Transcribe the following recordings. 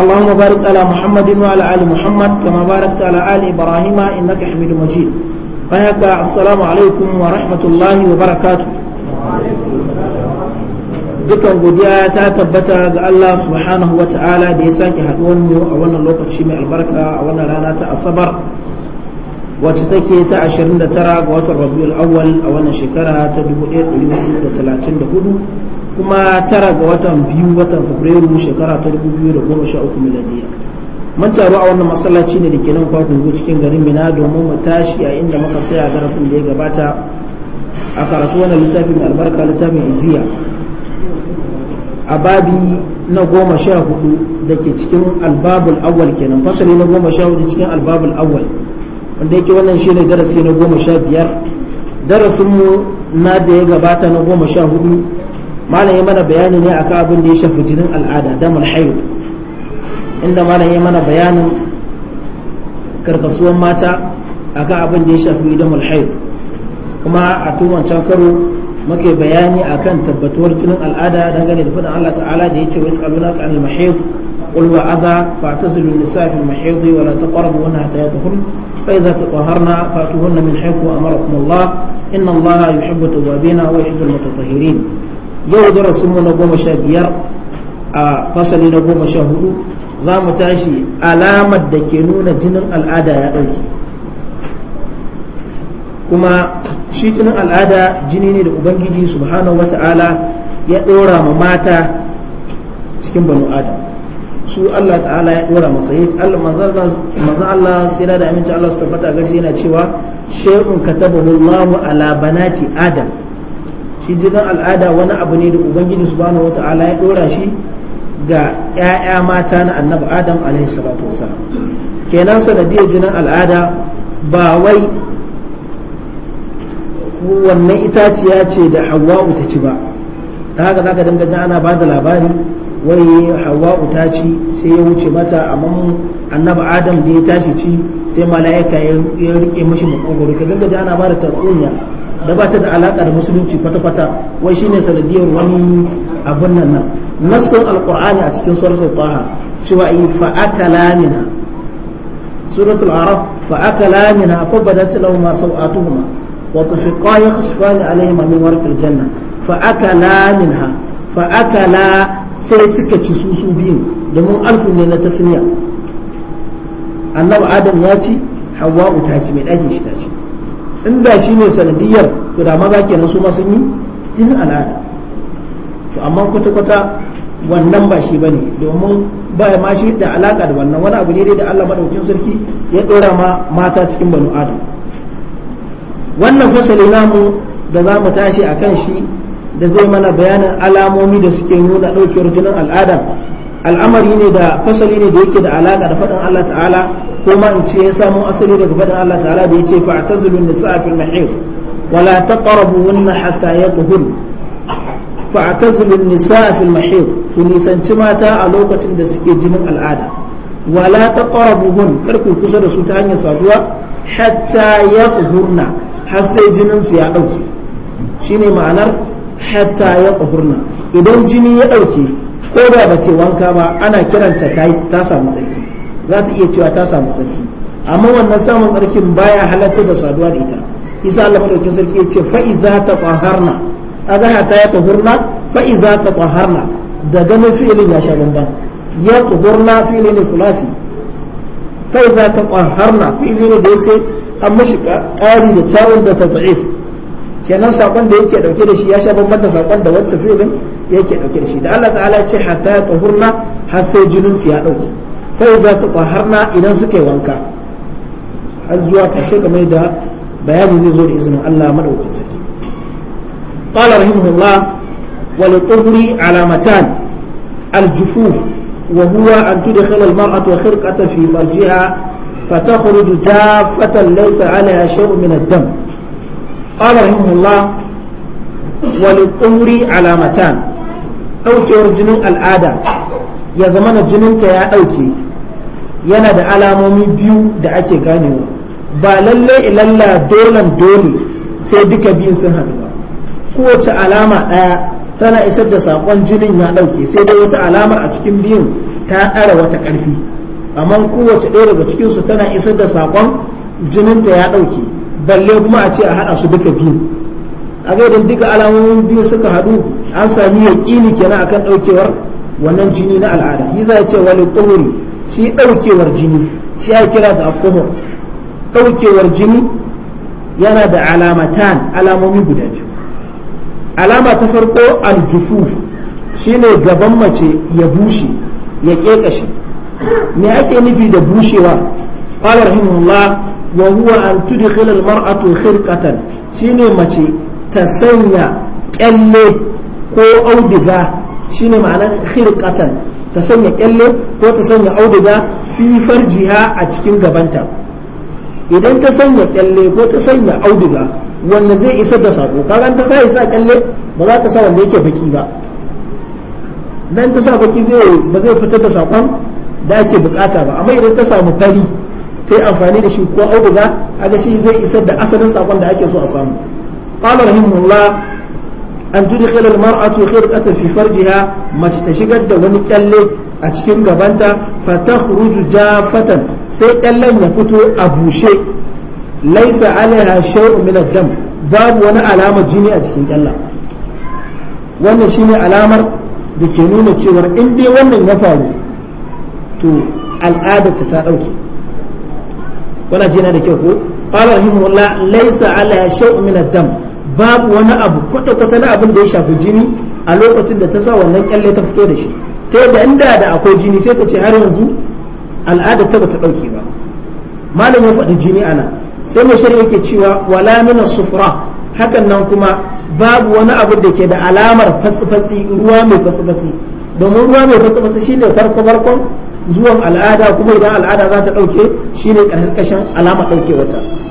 اللهم بارك على محمد وعلى آل محمد كما باركت على آل إبراهيم إنك حميد مجيد فهيك السلام عليكم ورحمة الله وبركاته dukan godiya ta tabbata ga Allah subhanahu wa ta'ala da ya sake haɗuwar mu a wannan lokaci mai albarka a wannan rana ta asabar wacce take ta 29 ga watan rabiul awwal a wannan shekara ta 1434 kuma tara ga watan biyu watan fabrairu shekara ta dubu biyu da goma sha uku miladiya mun taru a wannan masallaci ne da ke nan kwakwun cikin garin mina domin mu tashi a inda muka tsaya darasin da ya gabata a karatu wannan littafin albarka littafin iziya a babi na goma sha hudu da ke cikin albabul awwal kenan fasali na goma sha hudu cikin albabul awwal wanda yake wannan shi ne darasi na goma sha biyar darasinmu na da ya gabata na goma sha hudu malam mana bayani ne akan abin da ya shafi jinin al'ada damar hayu inda malam mana bayanin karkasuwan mata akan abin da ya shafi damar hayu kuma a tuwancan karo muke bayani akan tabbatuwar jinin al'ada da dangane da faɗin Allah ta'ala da ya ce wasu kaluna ka anil mahid qul wa adha fa tasilu nisa fil mahid wa la taqrabu wa hatta yatahun fa idza tataharna fatuhunna min haythu amarakum Allah inna Allah yuhibbu at-tawwabin wa yuhibbu al-mutatahhirin yau darasinmu na goma sha biyar a fasali na goma sha hudu za mu tashi alamar da ke nuna jinin al'ada ya ɗauke kuma shi jinin al'ada jini ne da ubangiji subhanahu ta'ala ya ɗora ma mata cikin banu adam su Allah ta'ala ya ɗora masa yi manzan Allah tsira da aminci Allah su tabbata gashi yana cewa shay'un katabahu Allahu ala banati adam shi jinin al'ada wani abu ne da ubangiji subhanahu wata'ala ya dora shi ga 'ya'ya mata na annabi adam alaihi salatu wasalam kenan sanadiyar jinin al'ada ba wai wannan itaciya ce da hawa'u ta ci ba ta haka zaka dinga jin ana bada labari wai hawa'u ta ci sai ya wuce mata amma annabi adam da ya tashi ci sai mala'ika ya rike mishi makogoro ka dinga jin ana bada tatsuniya da ba ta da alaka da musulunci kwata-kwata wai shine sanadiyar wani abun nan nan nassun alqur'ani a cikin suratul taha cewa in fa'akala minha suratul araf fa'akala minha fa badat lahum sawatuhuma wa tafiqa yakhsifan alaihim min warqil janna fa'akala minha fa'akala sai suka ci su su biyu domin alfun ne na tasniya annabi adam ya ci hawa'u ta ci mai ɗakin shi ta ci in da shi ne sanadiyar to da maza kenan su ma sun yi jinin al'ada to amma kwata-kwata wannan ba shi bane domin ba ma shi da alaka da wannan wani abu ne dai da Allah maɗaukin sarki ya ɗora ma mata cikin banu adam wannan fasali namu da za mu tashi a kan shi da zai mana bayanin alamomi da suke nuna ɗaukewar jinin al'ada al'amari ne da fasali ne da yake da alaka da faɗin Allah ta'ala ko in ce ya samo asali daga faɗin Allah ta'ala da yace fa'tazilu nisaa fil mahir wa la taqrabuhunna hatta yatahun fa'tazilu nisaa fil mahir ku nisanci mata a lokacin da suke jinin al'ada wa la taqrabuhun kar ku kusa da su ta hanyar saduwa hatta yatahunna har sai jinin su ya dauke shine ma'anar hatta yatahunna idan jini ya dauke ko da ba ce wanka ba ana kiranta ta samu sai za ta iya cewa ta samu sarki amma wannan samun sarkin baya halatta da saduwa da ita isa Allah madaukakin sarki ya ce fa iza tatahharna agaha ta ya tahurna fa iza tatahharna da ganin fi'ilin ya sha bamban ya tahurna fi'ilin sulasi fa iza tatahharna fi'ilin da yake an mashi ƙari da tawon da tad'if kenan sakon da yake dauke da shi ya sha bamban da sakon da wacce fi'ilin yake dauke da shi da Allah ta'ala ya ce hatta tahurna har sai jinin su ya dauke kawai za ka tsaharna idan suka yi wanka har zuwa kashe game da bayani zai zo da izinin Allah madaukakin sarki qala rahimahullah wal tuhri alamatan al jufuf wa huwa an tudkhila al mar'atu khirqatan fi farjiha فتخرج جافة ليس عليها شيء من الدم قال رحمه الله وللطهر علامتان ɗaukewar jinin al'ada ya zama na jininta ya ɗauke yana da alamomi biyu da ake ganewa ba lalle ilalla dolan dole sai duka biyun sun haɗu ba kowace alama ɗaya tana isar da saƙon jinin ya ɗauke sai dai wata alamar a cikin biyun ta ɗara wata ƙarfi amma kowace ɗaya daga su tana isar da saƙon ta ya ɗauke balle kuma a ce a haɗa su duka biyun a ga idan duka alamomin biyu suka haɗu an sami yaƙini kenan akan ɗaukewar wannan jini na al'ada za ya ce wani ƙuri shi ɗaukewar jini shi ya kira da alkohol ɗaukewar jini yana da alamatan alamomi guda biyu alama ta farko aljufu shine gaban mace ya bushe ya ƙeƙashe me ake nufi da bushewa qala rahimahullah wa huwa an tudkhil al mar'atu khirqatan shine mace ta sanya kyalle ko audiga shine ma'ana khirqatan ta sanya kyalle ko ta sanya auduga fi farjiha a cikin gabanta idan ta sanya kyalle ko ta sanya auduga wanda zai isa da sako kaga ta sa isa kyalle ba za ta sa wanda yake baki ba dan ta sa baki zai ba zai fitar da sakon da ake bukata ba amma idan ta samu fari ta yi amfani da shi ko auduga ga shi zai isar da asalin sakon da ake so a samu qala rahimahullah an tudkhila al-mar'atu khirqatan fi farjiha mace ta shigar da wani kyalle a cikin gabanta fa takhruju jafatan sai kyallen ya fito a bushe laisa alaiha shay'un min ad-dam babu wani alama jini a cikin kyalla wannan shine alamar da ke nuna cewa in dai wannan ya faru to al'adar ta dauke wannan jina da kyau ko qala rahimahullah laisa alaiha shay'un min ad-dam babu wani abu kwata-kwata na abin da ya shafi jini a lokacin da ta sa wannan kyalle ta fito da shi ta yadda inda da akwai jini sai ta ce har yanzu al'ada ta bata dauke ba malam ya faɗi jini ana sai mai shari'a yake cewa wala mina sufra hakan nan kuma babu wani abu da ke da alamar fasfasi ruwa mai fasfasi domin ruwa mai fasfasi shine farko farkon zuwan al'ada kuma idan al'ada za ta dauke shine karkashin alama dauke wata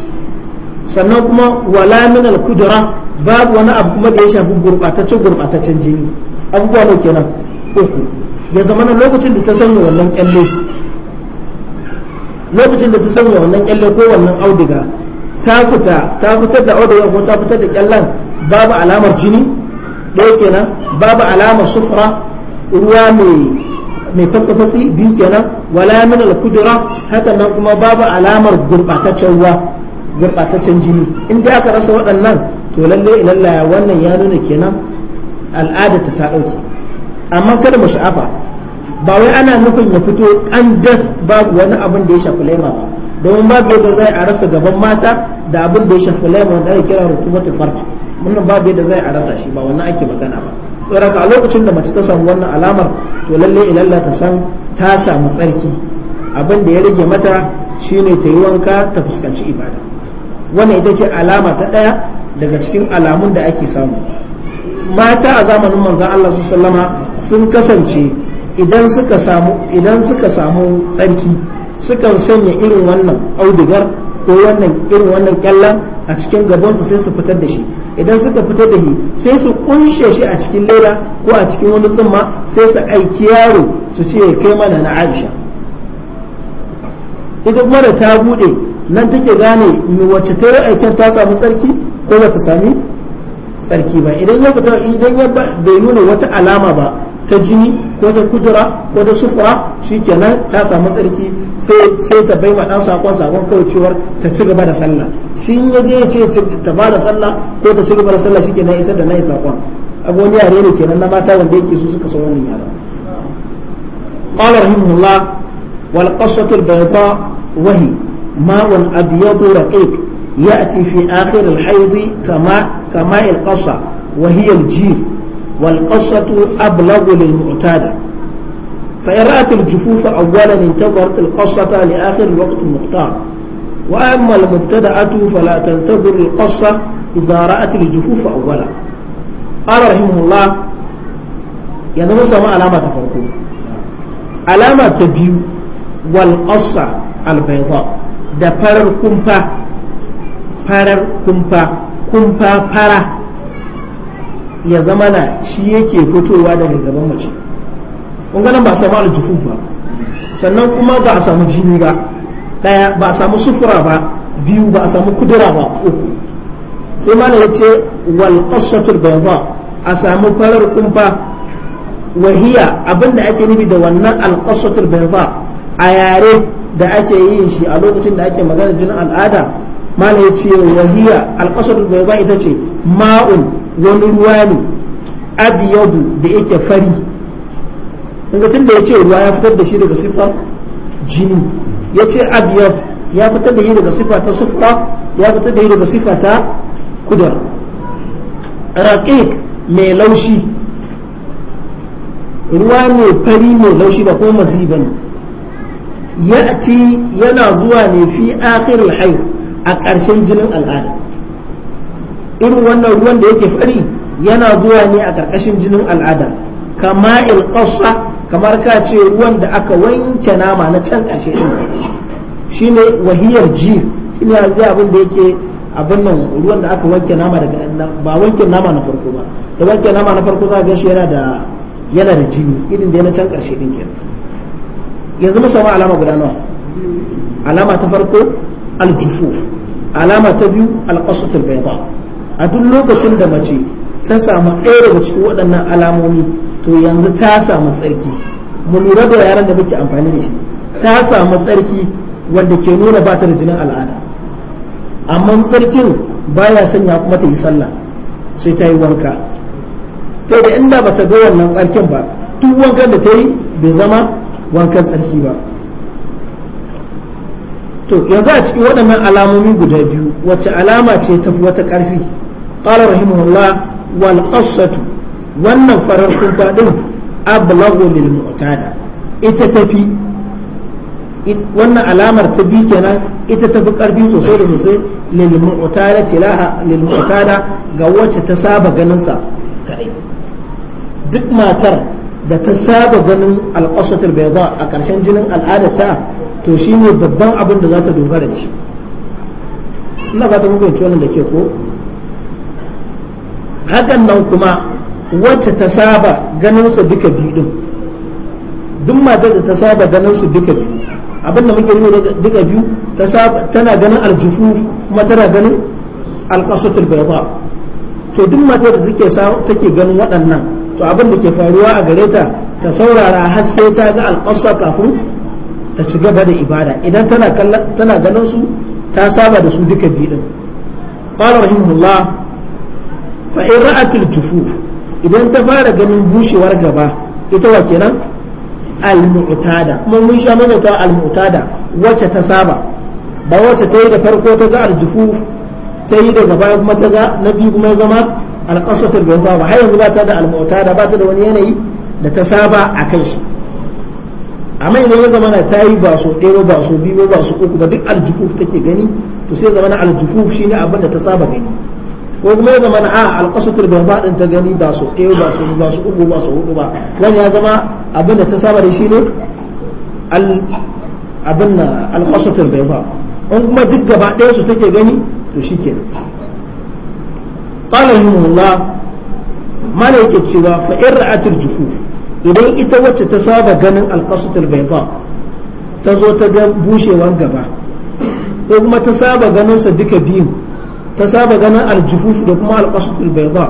sannan kuma wala min al kudura babu wani abu kuma da ya shafi gurbataccen gurbataccen jini abubuwa ne kenan uku ya zama na lokacin da ta sanya wannan kyalle lokacin da ta sanya wannan kyalle ko wannan auduga ta fita ta fitar da auduga ko ta fitar da kyallen babu alamar jini ɗaya kenan babu alamar sufura ruwa mai mai fasafasi biyu kenan wala min al kudura hakan nan kuma babu alamar gurbataccen ruwa gurɓataccen jini in dai aka rasa waɗannan to lalle ilalla wannan ya nuna kenan al'ada ta ɗauke amma kada mu sha'afa ba wai ana nufin ya fito an das babu wani abin da ya shafi laima ba domin babu yadda zai a rasa gaban mata da abin da ya shafi laima da ake kira rukubatul farj wannan babu yadda zai a rasa shi ba wannan ake magana ba tsoraka a lokacin da mace ta samu wannan alamar to lalle ilalla ta san ta samu tsarki abin da ya rage mata shine ta yi wanka ta fuskanci ibada wannan ita ce alama ta ɗaya daga cikin alamun da ake samu mata a zamanin manzan Allah su sallama sun kasance idan suka samu tsarki sukan sanya irin wannan audigar ko wannan irin wannan kyallan a cikin gabansu sai su fitar da shi idan suka fitar da shi sai su kunshe shi a cikin leda ko a cikin wani tsumma sai su aiki yaro su ce kai mana na Aisha ita kuma da ta bude nan take gane wacce ta yi ta samu tsarki ko ba ta sami tsarki ba idan ya fita idan ya bai nuna wata alama ba ta jini ko ta kudura ko ta sufura shikenan ta samu tsarki sai sai ta bai ma dan sakon sakon kawai cewar ta ci gaba da sallah shi in ya ya ce ta ba da sallah ko ta ci gaba da sallah shikenan isar da nayi sakon abu wani yare ne kenan na mata wanda yake su suka san wannan yara قال رحمه الله والقصة البيضاء وهي ماء أبيض رقيق يأتي في آخر الحيض كماء كماء القصة وهي الجيف والقصة أبلغ للمعتادة فإن رأت الجفوف أولا انتظرت القصة لآخر الوقت المختار وأما المبتدأة فلا تنتظر القصة إذا رأت الجفوف أولا قال رحمه الله يعني ما علامة فرقوه علامة تبيو والقصة البيضاء da farar kumfa farar kumfa kumfa fara ya zama na shi yake fitowa daga gaban mace kun ba a samu aljufun ba sannan kuma ba a samu jini ba ɗaya ba a samu sufura ba biyu ba a samu kudura ba uku sai mana ya ce wal qassatul bayda a samu farar kumfa wahiya abinda ake nufi da wannan al qassatul bayda a yare da ake yin shi a lokacin da ake magana jinin al'ada mana ya ce wahiya alƙasar bai za ita ce ma'un wani ruwa ne abiyadu da yake fari inga tun da ya ce ruwa ya fitar da shi daga siffar jini ya ce abiyad ya fitar da shi daga siffa ta sufra ya fitar da shi daga siffa ta kudar raqiq mai laushi ruwa ne fari mai laushi ba kuma masiban. ne ya'ti yana zuwa ne fi akhiril hayd a ƙarshen jinin al'ada irin wannan ruwan da yake fari yana zuwa ne a ƙarƙashin jinin al'ada kama ilƙasa kamar ka ce ruwan da aka wanke nama na can ƙarshe ɗin ne wahiyar ji ne yanzu abin da yake abin nan ruwan da aka wanke nama daga ba wanke nama na farko ba da wanke nama na farko za ga shi yana da yana da jini irin da na can ƙarshe ɗin kenan yanzu mun samu alama guda nawa alama ta farko aljufu alama ta biyu alqasatul bayda a duk lokacin da mace ta samu ɗaya daga cikin waɗannan alamomi to yanzu ta samu tsarki mu lura da yaran da muke amfani da shi ta samu tsarki wanda ke nuna ba ta da jinin al'ada amma tsarkin baya sanya kuma ta yi sallah sai ta yi wanka sai da inda ba ta ga wannan tsarkin ba duk wankan da ta yi bai zama wankan tsarki ba to yanzu a cikin waɗannan alamomi guda biyu wacce alama ce ta fi wata ƙarfi ƙara rahimahullah wal qassatu wannan farar kumfa din abu lil mu'tada ita tafi wannan alamar ta bi kenan ita ta fi ƙarfi sosai da sosai lil mu'tada tilaha lil ga wacce ta saba ganin sa kadai duk matar da ta saba ganin alƙasatul bai a ƙarshen jinin al'ada ta to shi ne babban abin da za ta dogara da shi ina ba ta mugunci wannan da ke ko hakan nan kuma wacce ta saba ganin su duka biyu din duk matar da ta saba ganin su duka biyu abin da muke nuna duka biyu tana ganin aljufu kuma tana ganin alƙasatul bai to duk matar da take ganin waɗannan to abin da ke faruwa a gare ta ta saurara har sai ta ga alƙasa kafin ta ci gaba da ibada idan tana ganin su ta saba da su duka biyu din qala rahimullah fa in ra'at al idan ta fara ganin bushewar gaba ita wa kenan al-mu'tada kuma mun sha mana ta al-mu'tada wacce ta saba ba wacce ta yi da farko ta ga al ta yi daga baya kuma ta ga na biyu kuma ya zama alƙasatul bauta ba har yanzu ba ta da almota da ba ta da wani yanayi da ta saba a kan shi amma idan ya zama ta yi ba so ɗaya ba so biyu ba so uku ba duk aljukuf take gani to sai zama na aljukuf shine abin da ta saba gani ko kuma ya zama na a alƙasatul bauta din ta gani ba so ɗaya ba so ba so uku ba so huɗu ba wani ya zama abin da ta saba da shi ne al abin na alƙasatul bauta in kuma duk gaba ɗaya su take gani to shi kenan. qala rahimahullah mana yake cewa fa in ra'atil idan ita wacce ta saba ganin alqasatul bayda ta zo ta ga bushewan gaba ko kuma ta saba ganin sa duka biyu ta saba ganin aljufuf da kuma alqasatul bayda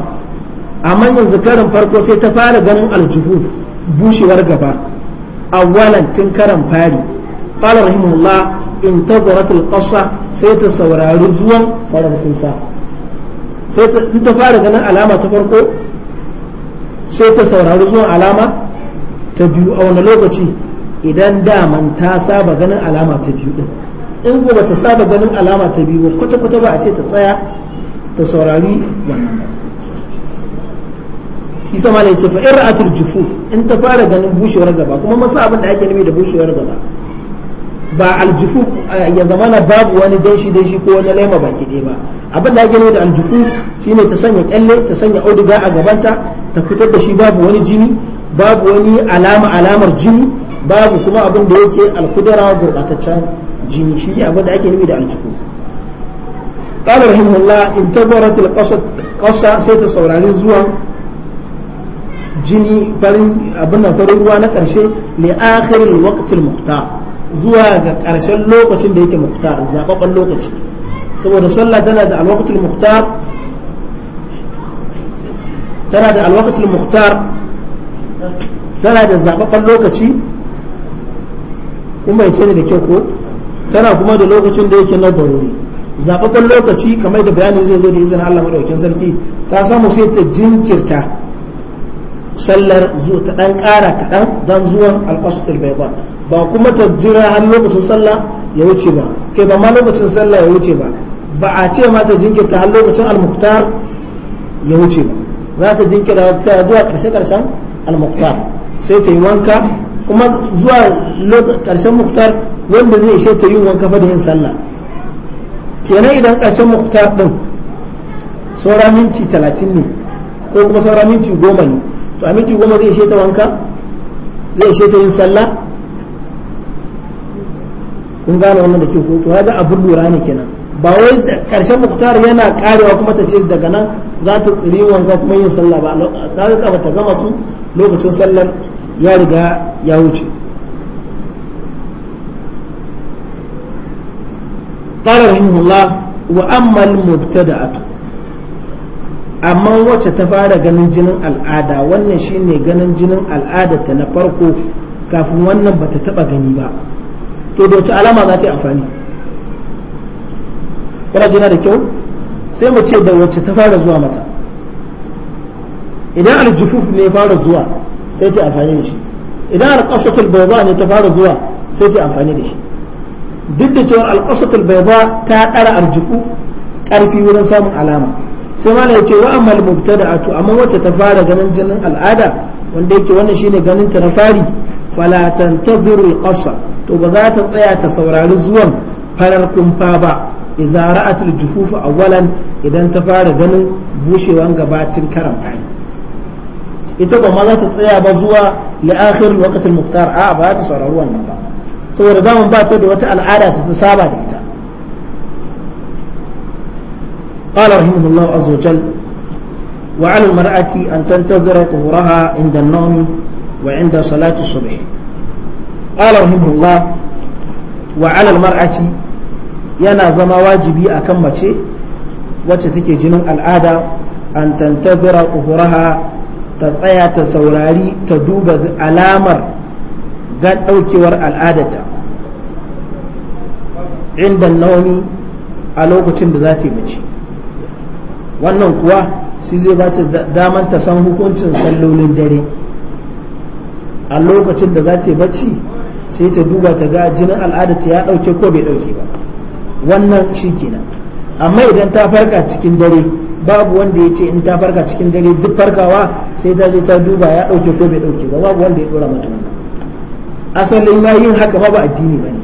a yanzu zakarin farko sai ta fara ganin aljufuf bushewar gaba awwalan tun karan fari qala rahimahullah in tazarat ƙasa sai ta saurari zuwan farar kusa sai ta fara ganin alama ta farko sai ta saurari zuwan alama ta biyu a wani lokaci idan daman ta saba ganin alama ta biyu din in ko ba ta saba ganin alama ta biyu kwata kwata ba a ce ta tsaya ta saurari wannan shi sama ne ce fa'ir a turjufu in ta fara ganin bushewar gaba kuma masu abin da ake nemi da bushewar gaba ba aljufu eh, ya na babu wani danshi danshi ko wani laima baki ɗaya ba abin da ake da aljufu shine ta sanya kyalle ta sanya auduga a gabanta ta fitar da shi babu wani jini babu wani alama alamar jini babu kuma abin da yake alkudara gurbataccen jini shi ne abin da ake nufi da aljufu قال رحمه الله انتظرت القصة سيت سوراني زوا جني فرن أبنا فرن وانا كرشي لآخر الوقت المختار zuwa ga ƙarshen lokacin da yake muktar zaɓaɓɓen lokaci saboda sallah tana da alwaqtul muktar tana da alwaqtul muktar tana da zaɓaɓɓen lokaci kuma ya ce da kyau ko tana kuma da lokacin da yake na barori zaɓaɓɓen lokaci kamar da bayanin zai zo da izinin Allah madaukakin sarki ta samu sai ta jinkirta sallar zuwa ta ɗan ƙara kaɗan don zuwan alƙasutul baiban ba kuma ta jira har lokacin sallah ya wuce ba kai ba ma lokacin sallah ya wuce ba ba a ce ma ta jinkirta har lokacin al-muqtar ya wuce ba za ta jinkira ta zuwa karshe karshen al-muqtar sai ta yi wanka kuma zuwa karshen muktar wanda zai ishe ta yi wanka fa da yin sallah kenan idan karshen muktar din saura minti talatin ne ko kuma saura minti goma ne to a minti goma zai ishe ta wanka zai ishe ta yin sallah kun gane wannan da ke ko to haka abun lura ne kenan ba wai karshen muktar yana karewa kuma ta ce daga nan za ta tsiri wanka kuma yin sallah ba ta rika ba ta gama su lokacin sallar ya riga ya wuce قال رحمه الله da المبتدأة amma wacce ta fara ganin jinin al'ada wannan shine ganin jinin al'ada ta na farko kafin wannan bata taɓa gani ba to da wace alama za ta yi amfani kuna jina da kyau sai mu ce da wacce ta fara zuwa mata idan aljufuf ne fara zuwa sai ta amfani da shi idan alqasatul bayda ne ta fara zuwa sai ta amfani da shi duk da cewa alqasatul bayda ta ɗara arjufu ƙarfi wurin samun alama sai mana ya ce wa amma mubtada'atu amma wacce ta fara ganin jinin al'ada wanda yake wannan shine ganin ta na fari fala tantadhiru alqasa to ba za ta tsaya ta saurari zuwan farar kumfa ba idza ra'atul jufufu awwalan idan ta fara ganin bushewan gabatin karan fari ita ba ma za ta tsaya ba zuwa li akhir waqt al muhtar a ba ta saurari wannan ba saboda zaman ba ta da wata al'ada ta saba da ita قال رحمه الله عز وجل وعلى المرأة أن تنتظر طهورها عند النوم وعند صلاة الصبح qala rahimahullah wa 'ala al yana zama wajibi a kan mace wacce take jinin al'ada an tantazira tuhuraha ta tsaya ta saurari ta duba alamar ga daukewar al'adata inda nauni a lokacin da za ta wannan kuwa shi zai ba ta damar ta san hukuncin sallolin dare a lokacin da za ta bacci sai ta duba ta ga jinin al'ada ta ya dauke ko bai dauke ba wannan shi kenan amma idan ta farka cikin dare babu wanda ya ce in ta farka cikin dare duk farkawa sai ta je ta duba ya dauke ko bai dauke ba babu wanda ya dora mata wannan asalin ma yin haka ba ba addini ba ne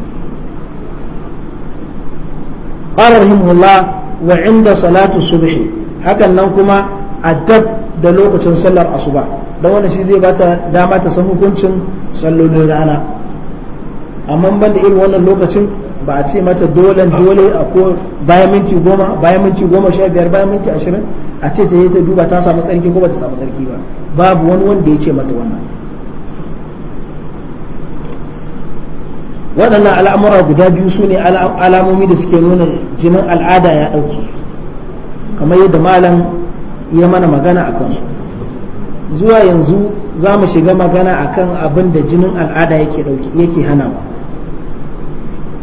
ƙarar himullah wa inda salatu subhi hakan nan kuma addab da lokacin sallar asuba don wanda shi zai bata dama ta san hukuncin sallolin rana amma ban da irin wannan lokacin ba a ce mata dole dole a ko bayan minti goma bayan minti goma sha biyar bayan minti ashirin a ce ta yi ta duba ta samu tsarki ko ba ta samu tsarki ba babu wani wanda ya ce mata wannan waɗannan al'amura guda biyu su ne alamomi da suke nuna jinin al'ada ya ɗauke kamar yadda malam ya mana magana a kansu zuwa yanzu za mu shiga magana akan abin da jinin al'ada yake hana mu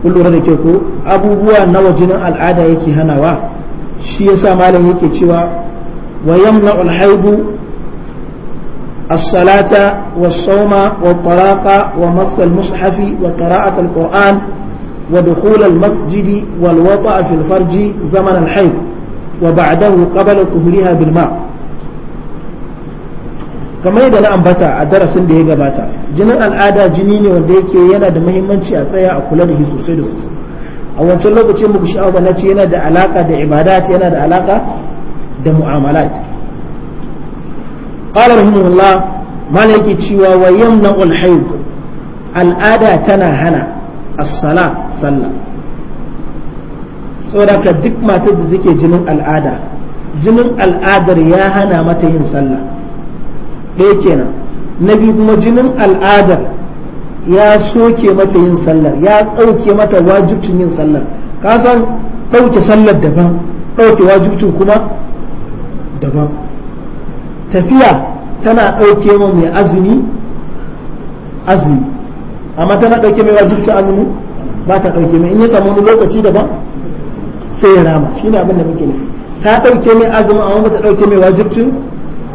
kun lura da ko abubuwa na wajenin al'ada yake hanawa shi yasa malam yake cewa wa yamna alhaidu as-salata wa sawma wa taraqa wa masal mushafi wa qira'at al wa dukhul masjidi masjid wal wata' zaman al wa ba'dahu qabla tuhriha bil ma' kamar yadda na ambata a darasin da ya gabata jinin al'ada jini ne wanda yake yana da muhimmanci a tsaya a kula da shi sosai da sosai a wancan lokacin muku sha'awa na ce yana da alaka da ibadat yana da alaka da mu'amalat qala rahimahullah malaki cewa wa yamna'ul hayd al'ada tana hana as-sala sallah saboda ka duk matar da take jinin al'ada jinin al'adar ya hana mata yin sallah ɗaya kenan na biyu kuma jinin al'adar ya soke mata yin sallar ya ɗauke mata wajibcin yin sallar ka san ɗauke sallar daban ɗauke wajibcin kuma daban tafiya tana ɗauke mu mai azumi azumi amma tana ɗauke mai wajibcin azumi ba ta ɗauke mai in ya samu wani lokaci daban sai ya rama ne abin da muke nufi ta ɗauke mai azumi amma ba ta ɗauke mai wajibcin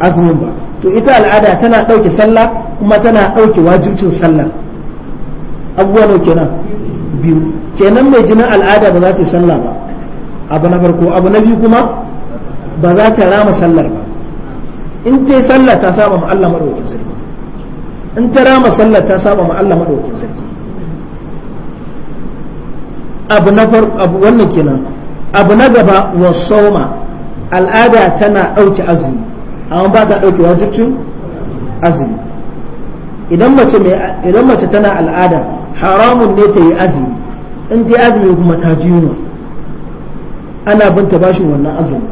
azumin ba to ita al'ada tana ɗauke sallah kuma tana ɗauke wajibcin sallah abubuwa ne kenan biyu kenan mai jinin al'ada ba za ta yi sallah ba abu na farko abu na biyu kuma ba za ta rama sallar ba in ta yi sallah ta saba ma Allah madaukakin sarki in ta rama sallar ta saba ma Allah madaukakin sarki abu na farko abu wannan kenan abu na gaba wa soma al'ada tana ɗauke azumi amma ba ta ɗauke wajibcin azumi idan mace mai idan mace tana al'ada haramun ne ta yi azumi in ta yi azumi kuma ta ji yunwa ana binta bashin wannan azumi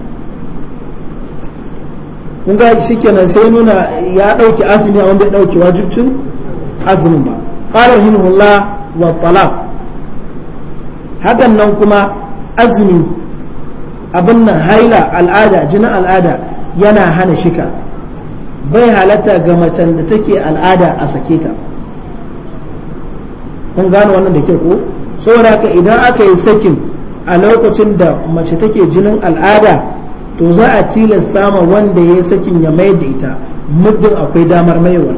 kun ga shikenan sai nuna ya dauke azumi a wanda ya ɗauke wajibcin azumin ba qala rahimahullah wa talaq hakan nan kuma azumi abin nan haila al'ada jinin al'ada yana hana shika bai halatta ga macen da take al'ada a sake ta kun gano wannan da ke ko saboda haka idan aka yi sakin a lokacin da mace take jinin al'ada to za a tilasta ma wanda ya yi sakin ya mayar da ita muddin akwai damar maiwa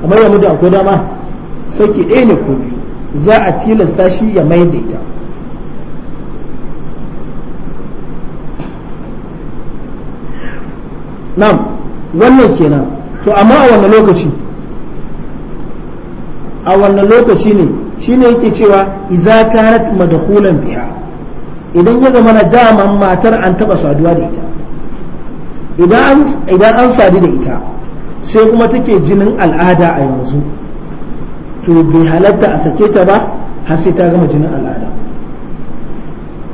kamar ya muddin akwai dama saki ɗaya ne ko biyu za a tilasta shi ya mayar da ita nam wannan kenan to amma a wannan lokaci a wannan lokaci ne shine yake cewa idza kanat madkhulan biha idan ya zama na daman matar an taba saduwa da ita idan idan an sadu da ita sai kuma take jinin al'ada a yanzu to bai halatta a sake ta ba har sai ta gama jinin al'ada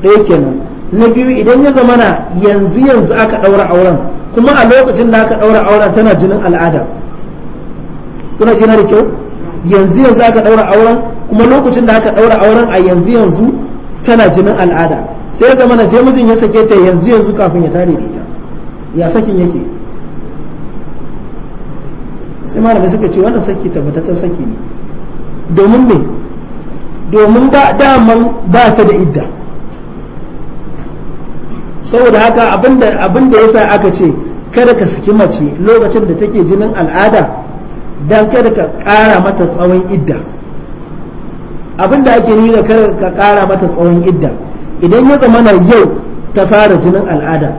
ɗaya kenan na biyu idan ya zama na yanzu yanzu aka ɗaura auren kuma a lokacin da aka ɗaura auren tana jinin al'ada kuna shi na da kyau yanzu yanzu aka ɗaura auren kuma lokacin da aka ɗaura auren a yanzu yanzu tana jinin al'ada sai zama mana sai mijin ya sake ta yanzu yanzu kafin ya tare ita ya sakin yake sai malamai suka ce wannan saki tabbatattar saki ne domin me domin ba daman ba ta da idda saboda haka abinda ya sa aka ce kada ka saki mace lokacin da take jinin al'ada don kada ka ƙara mata tsawon idda abinda ake nuni da kada ka ƙara mata tsawon idda idan ya zama na yau ta fara jinin al'ada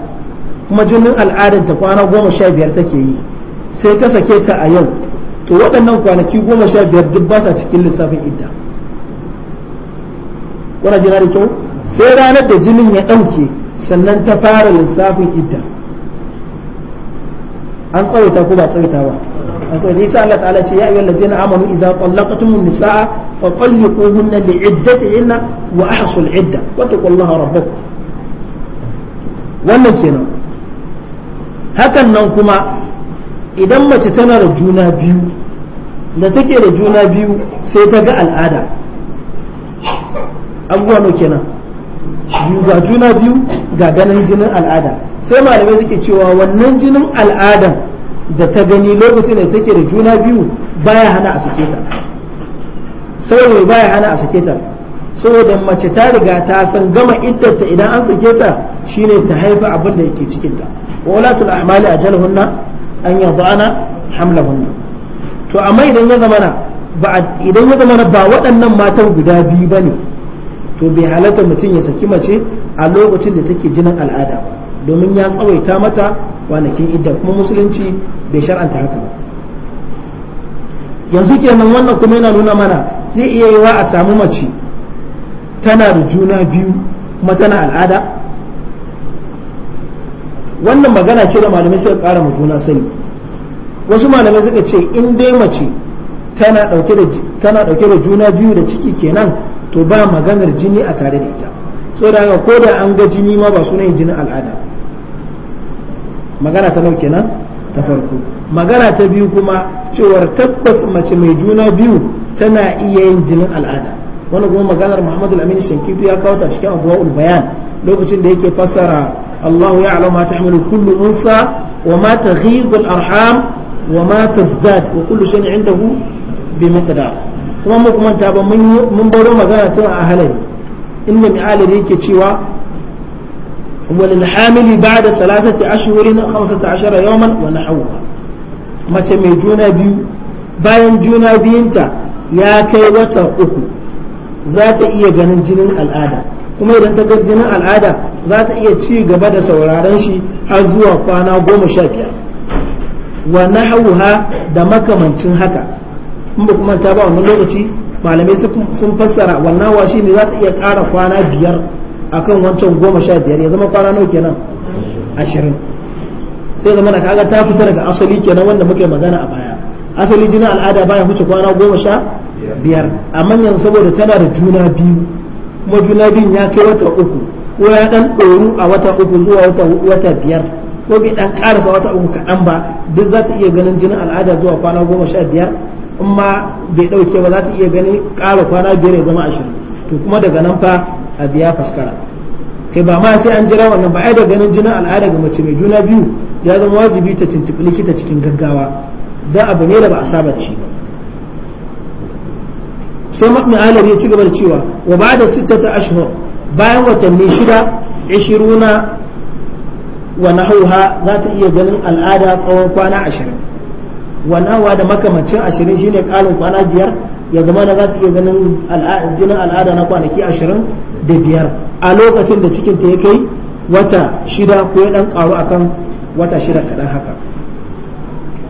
kuma jinin al'adar ta kwana goma sha biyar take yi sai ta sake ta a yau to waɗannan kwanaki goma sha biyar duk ba sa cikin lissafin idda kuna jina da kyau sai ranar da jinin ya ɗauke sannan ta fara lissafin idda an tsawaita ko ba tsawaita ba an tsawaita yasa Allah ta'ala ce ya ayyuhal ladzina amanu idza tallaqtumun nisaa fa talliquhunna li'iddatihinna wa ahsul idda wattaqullaha rabbakum wannan kenan hakan nan kuma idan mace tana da juna biyu da take da juna biyu sai ta ga al'ada abubuwa no kenan ga juna biyu ga ganin jinin al'ada sai malamai suke cewa wannan jinin al'adan da ta gani lokacin da take da juna biyu baya hana a sake ta saboda baya hana a sake saboda mace ta riga ta san gama iddarta idan an sake ta shine ta haifa abin da yake cikin ta wa walatul a'mali ajalhunna an yadana hamlahunna to amma idan ya zama na ba idan ya zama ba waɗannan matan guda biyu bane to bai halatta mutum ya saki mace a lokacin da take jinin al'ada ba domin ya tsawaita mata kwanakin idda kuma musulunci bai shar'anta haka ba yanzu kenan wannan kuma yana nuna mana zai iya yi wa a samu mace tana da juna biyu kuma tana al'ada wannan magana ce da malamai suka kara mu juna sani wasu malamai suka ce in dai mace tana dauke da juna biyu da ciki kenan to ba maganar jini a tare da ita saboda haka ko da an ga jini ma ba sunan jinin al'ada magana ta nau kenan ta farko magana ta biyu kuma cewar tabbas mace mai juna biyu tana iya yin jinin al'ada wani kuma maganar muhammadu al-amin shankitu ya kawo ta cikin abuwa bayan lokacin da yake fassara الله يعلم ما تحمل كل أنثى وما تغيض الأرحام وما تزداد وكل شيء عنده بمقدار kuma mu kuma ta ba mun baro magana tun a halayi inda mai alari yake cewa wani hamili ba da salasati ashirin hamsata ashara wani wa ba. mace mai juna biyu bayan juna biyunta ya kai wata uku za ta iya ganin jinin al'ada kuma idan ta ga jinin al'ada za ta iya ci gaba da sauraron shi har zuwa kwana goma sha biyar Wani nahawha da makamancin haka in ba kuma ta ba wani lokaci malamai sun fassara wannan shi ne za ta iya ƙara kwana biyar akan wancan goma sha biyar ya zama kwana nawa kenan ashirin sai zama da kaga ta fita daga asali kenan wanda muke magana a baya asali jinin al'ada baya huce kwana goma sha biyar amma yanzu saboda tana da juna biyu kuma juna biyu ya kai wata uku ko ya dan ɗoru a wata uku zuwa wata biyar ko bai dan karasa wata uku kaɗan ba duk za ta iya ganin jinin al'ada zuwa kwana goma sha biyar in ma bai ɗauke ba za ta iya ganin ƙara kwana biyar ya zama ashirin to kuma daga nan fa a biya faskara kai ba ma sai an jira wannan ba ai da ganin jinin al'ada ga mace mai juna biyu ya zama wajibi ta tuntuɓi likita cikin gaggawa don abu ne da ba a saba ci ba sai mafi alar ya ci gaba da cewa wa ba da ta ashhur bayan watanni shida ashiruna wa nahauha za ta iya ganin al'ada tsawon kwana ashirin wanawa da makamacin ashirin shine ƙarin kwana biyar ya zama na za ta iya ganin jinin al'ada na kwanaki ashirin da biyar a lokacin da cikinta ya kai wata shida ko ya ɗan ƙaru akan wata shida kaɗan haka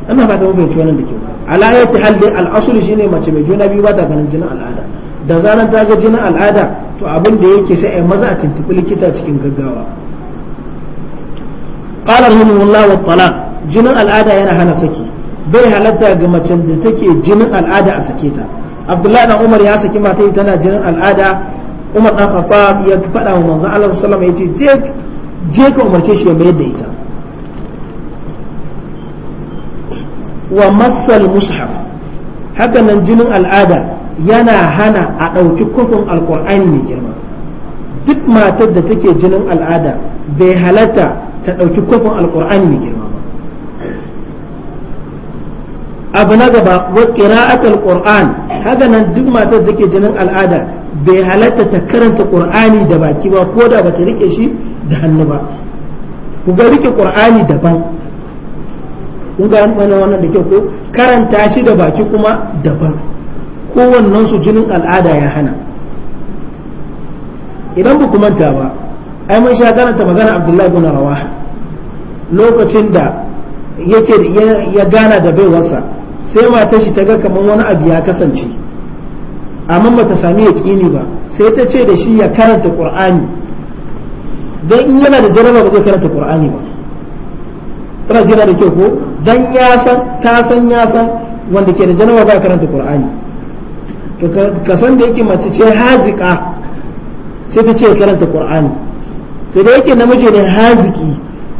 ana fata mun fahimci wannan da ke ala ayati halli al shine mace mai juna biyu ba ta ganin jinin al'ada da zaran ta ga jinin al'ada to abin da yake sai a maza a tuntuɓi likita cikin gaggawa qala rahimahullah wa talaq jinin al'ada yana hana saki bai halatta ga mace da take jinin al'ada a sake ta abdullahi dan umar ya saki mata tana jinin al'ada umar dan khattab ya faɗa wa manzon Allah sallallahu alaihi wasallam yace je je ka umarce shi ya mayar da ita wa masal mushaf haka nan jinin al'ada yana hana a ɗauki kofin alkur'ani mai girma duk matar da take jinin al'ada bai halatta ta ɗauki kofin alkur'ani mai girma abu na gaba wa qira'atul qur'an haka nan duk matar da ke jinin al'ada bai halatta ta karanta qur'ani da baki ba ko da bata rike shi da hannu ba ku ga rike qur'ani daban kun ga wannan da ke ko karanta shi da baki kuma daban kowannen su jinin al'ada ya hana idan ba ku manta ba ai mun sha karanta magana Abdullahi bin Rawaha lokacin da yake ya gana da baiwarsa sai matar shi ta ga kamar wani abu ya kasance amma bata sami yaƙini ba sai ta ce da shi ya karanta qur'ani dan in yana da jaraba ba zai karanta qur'ani ba kana jira da kyau ko dan ya san ta san ya san wanda ke da jaraba ba karanta qur'ani to ka san da yake mace ce hazika sai ta ce ya karanta qur'ani to da yake namiji ne haziki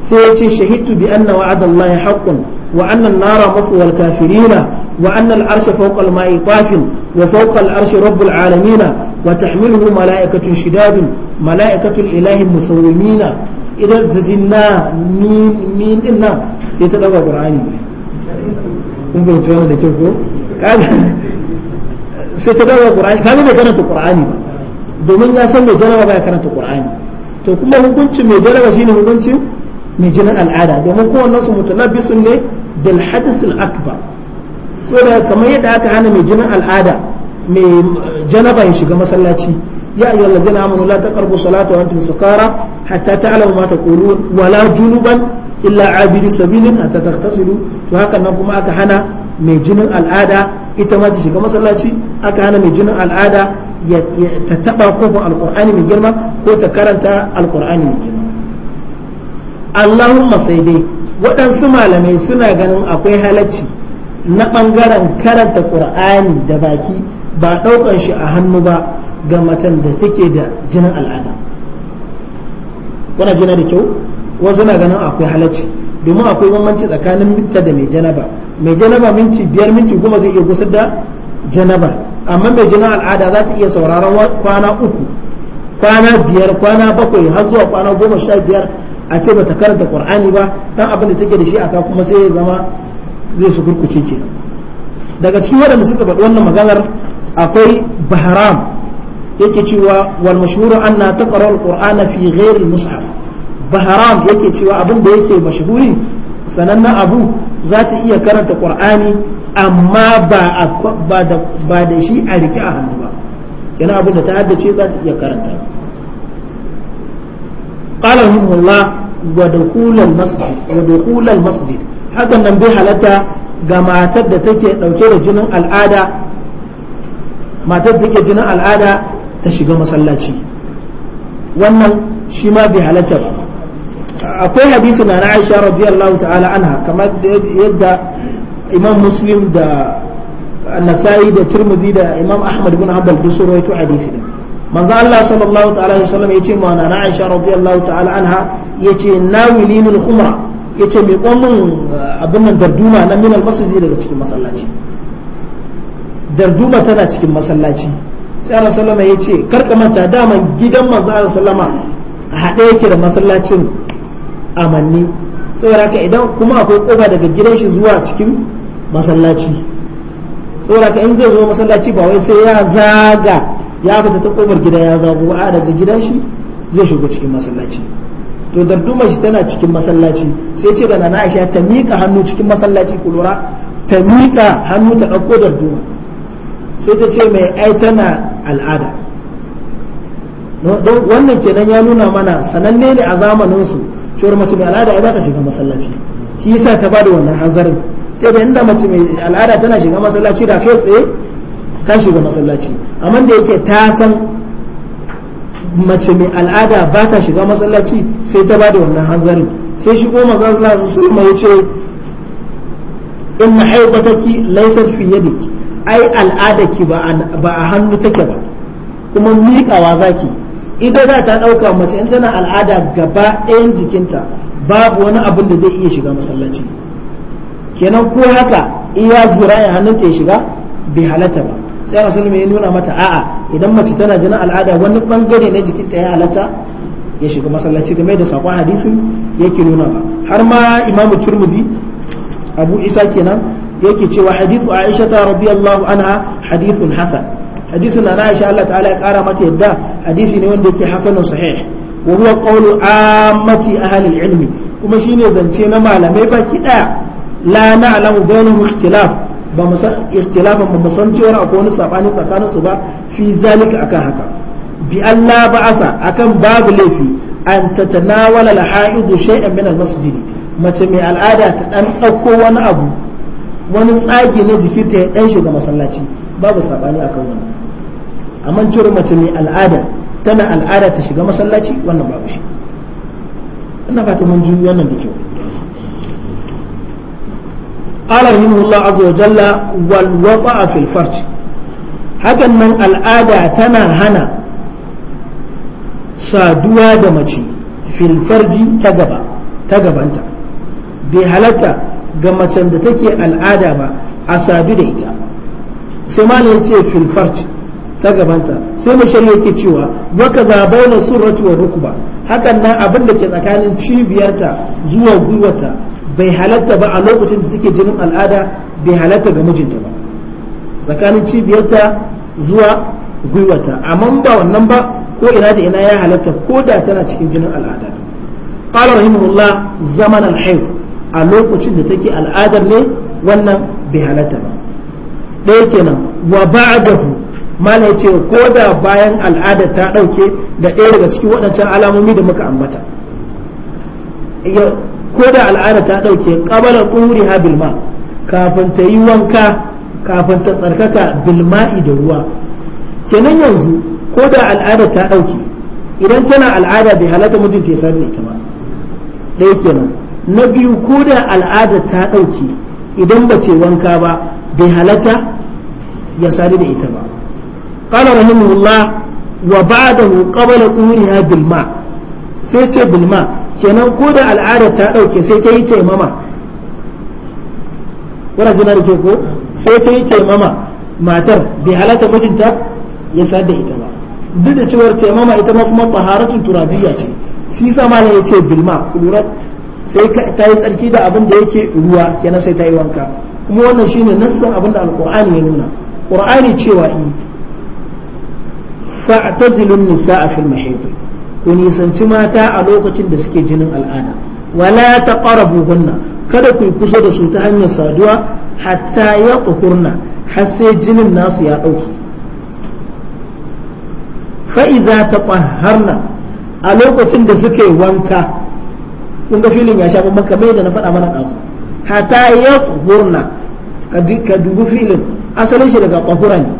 sai ya ce shahidu bi anna wa'adallahi haqqun وأن النار مثوى الكافرين وأن العرش فوق الماء طاف وفوق العرش رب العالمين وتحمله ملائكة شداد ملائكة الإله مسومين إذا ارتزلنا مين مين إنا سيتلقى قرآني kun sai ta dawo qur'ani domin ya san mai jaraba ba ya qur'ani to kuma hukuncin mai jaraba shine hukuncin mai jinin al'ada domin kowannen su ne bil hadith akbar saboda kamar yadda aka hana mai jinin al'ada mai janaba ya shiga masallaci ya ayyuhal ladina amanu la taqrabu salata wa antum sukara hatta ta'lamu ma taqulun wa la junuban illa abidu sabilin hatta taghtasilu to hakan nan kuma aka hana mai jinin al'ada ita ma ta shiga masallaci aka hana mai jinin al'ada ta taba kofin alqur'ani mai girma ko ta karanta alqur'ani mai girma Allahumma sai waɗansu malamai suna ganin akwai halacci na ɓangaren karanta ƙur'ani da baki ba ɗaukan shi a hannu ba ga matan da take da jinin al'ada wana jina da kyau wasu suna ganin akwai halacci domin akwai bambanci tsakanin mita da mai janaba mai janaba minti biyar minti goma zai iya gusar da janaba amma mai jinin al'ada za ta iya sauraron kwana uku kwana biyar kwana bakwai har zuwa kwana goma sha biyar a ce bata karanta qur'ani ba dan abin da take da shi aka kuma sai ya zama zai su kurkuce ke daga cikin waɗanda suka faɗi wannan maganar akwai bahram yake cewa wal mashhuru anna taqra al qur'ana fi ghairi al mushaf bahram yake cewa abin da yake mashhuri sanannen abu za ta iya karanta qur'ani amma ba da shi a rike a hannu ba yana abin da ta haddace za ta iya karanta qala rahimahullah wa masjid wa nan bai halatta ga matar da take dauke da jinin al'ada da take jinin al'ada ta shiga masallaci wannan shi ma bai halatta akwai hadisi na Aisha radiyallahu ta'ala anha kamar yadda Imam Muslim da Nasa'i da Tirmidhi da Imam Ahmad ibn Hanbal duk sun rawaito hadisi manzo Allah sallallahu ta'ala alaihi wasallam yace ma na Aisha radiyallahu ta'ala anha yace nawilinul khumra yace mai kwamin eh, abin nan darduma na min al-masjid daga cikin masallaci darduma tana cikin masallaci sai Allah sallama yace karka manta daman gidan manzo Allah sallama haɗe yake da masallacin amanni saboda haka idan kuma akwai kofa daga gidan shi zuwa cikin masallaci saboda haka in zai zo masallaci ba wai sai ya zaga ya fita ta kofar gida ya zago a daga gidan shi zai shigo cikin masallaci to darduma shi tana cikin masallaci sai ce da na Aisha ta miƙa hannu cikin masallaci ku lura ta miƙa hannu ta ɗauko darduma sai ta ce mai ai tana al'ada wannan kenan ya nuna mana sananne ne a zamanin su cewar mace mai al'ada ya ka shiga masallaci shi yasa ta bada wannan hanzarin sai da inda mace mai al'ada tana shiga masallaci da kai tsaye ta shiga masallaci amma da yake ta san mace mai al'ada ba ta shiga masallaci sai ta bada wannan hanzarin sai shigo manzon su alaihi wasallam ya ce inna haidataki laysat fi yadiki ai al'ada ki ba a hannu take ba kuma miƙawa zaki ita za ta ɗauka mace in tana al'ada gaba ɗayan jikinta babu wani abin da zai iya shiga masallaci kenan ko haka iya zuraya hannunta ya shiga bai halatta ba sai rasulullah ya nuna mata a'a idan mace tana jinin al'ada wani bangare na jikinta ya halatta ya shiga masallaci game da sakon hadisin yake nuna ba har ma imamu turmuzi abu isa kenan yake cewa hadithu aisha ta radiyallahu anha hadithun hasan hadisin na aisha Allah ta'ala ya kara mata yadda hadisi ne wanda yake hasanun sahih wa huwa qawlu ammati ahli ilmi kuma shine zance na malamai baki daya la na'lamu bainahum ikhtilaf ba mu san ikhtilafan mu san cewa akwai wani sabani tsakanin su ba fi zalika akan haka bi Allah ba'asa akan babu laifi an tatanawala al-ha'idu shay'an min al-masjid mace mai al'ada ta dan dauko wani abu wani tsagi na jikinta ya dan shiga masallaci babu sabani akan wannan amma cewa mace mai al'ada tana al'ada ta shiga masallaci wannan babu shi ina fata mun ji wannan da kyau qala rahimahullah azza wa jalla wal wata'a fil hakan nan al'ada tana hana saduwa da mace fil farji ta gabanta bai halatta ga macen da take al'ada ba a sadu da ita sai malam yace fil farji ta gabanta sai mashari yake cewa baka zabai na surratu wa ba hakan nan abin da ke tsakanin cibiyarta zuwa gwiwarta. bai halatta ba a lokacin da take jinin al'ada bai halatta ga mijinta ba tsakanin cibiyarta zuwa gwiwata amma ba wannan ba ko ina da ina ya halatta ko da tana cikin jinin al'ada qala rahimahullah zaman al a lokacin da take al'adar ne wannan bai halatta ba ɗaya kenan wa ba'dahu mala yace ko da bayan al'ada ta ɗauke da ɗaya daga cikin waɗancan alamomi da muka ambata ko da al'ada ta ɗauke ƙabalar ha bilma kafin ta yi wanka kafin ta tsarkaka bilma'i da ruwa kenan yanzu ko da al'ada ta ɗauke idan tana al'ada bai halatta mutum ke sani ita ba ɗaya kenan na biyu ko da al'ada ta ɗauke idan ba ce wanka ba bai halatta ya sadu da ita ba qala rahimahullah wa ba'dahu qabla ƙuri ha bilma sai ce bilma. kenan ko da al'adar ta ɗauke sai ta yi taimama wani da ke ko sai ta yi taimama matar bai halatta mijinta ya sada ita ba duk da cewar taimama ita ma kuma taharatun turabiyya ce shi sa ma ya ce bilma lura sai ta yi tsarki da abin da yake ruwa kenan sai ta yi wanka kuma wannan shine nassan abin da alqur'ani ya nuna qur'ani cewa in fa'tazilu an-nisaa fil mahid ku nisanci mata a lokacin da suke jinin al'ada wala ta ƙara buhunna kada ku yi kusa da su ta hanyar saduwa hatta ya tukurna har sai jinin nasu ya ɗauki. fa ta taqahharna a lokacin da suke wanka kun ga filin ya sha ban maka mai da na faɗa mana ɗazu hatta ya tukurna ka dubi filin asalin shi daga tahura ne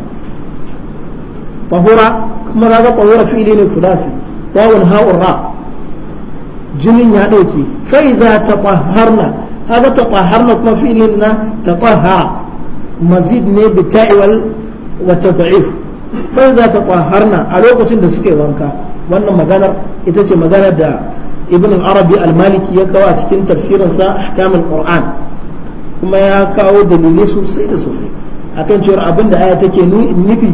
tahura kuma ga tahura fili ne fulasi wawun ha'ur ra jinin ya dauke fa idza tatahharna hada kuma fi'lin na tatahhara mazid ne bi ta'iwal wa tad'if fa idza tatahharna a lokacin da suka yi wanka wannan maganar ita ce maganar da ibn arabi al-maliki ya kawo a cikin tafsirinsa ahkamul qur'an kuma ya kawo dalilai sosai da sosai akan cewar abin da aya take nufi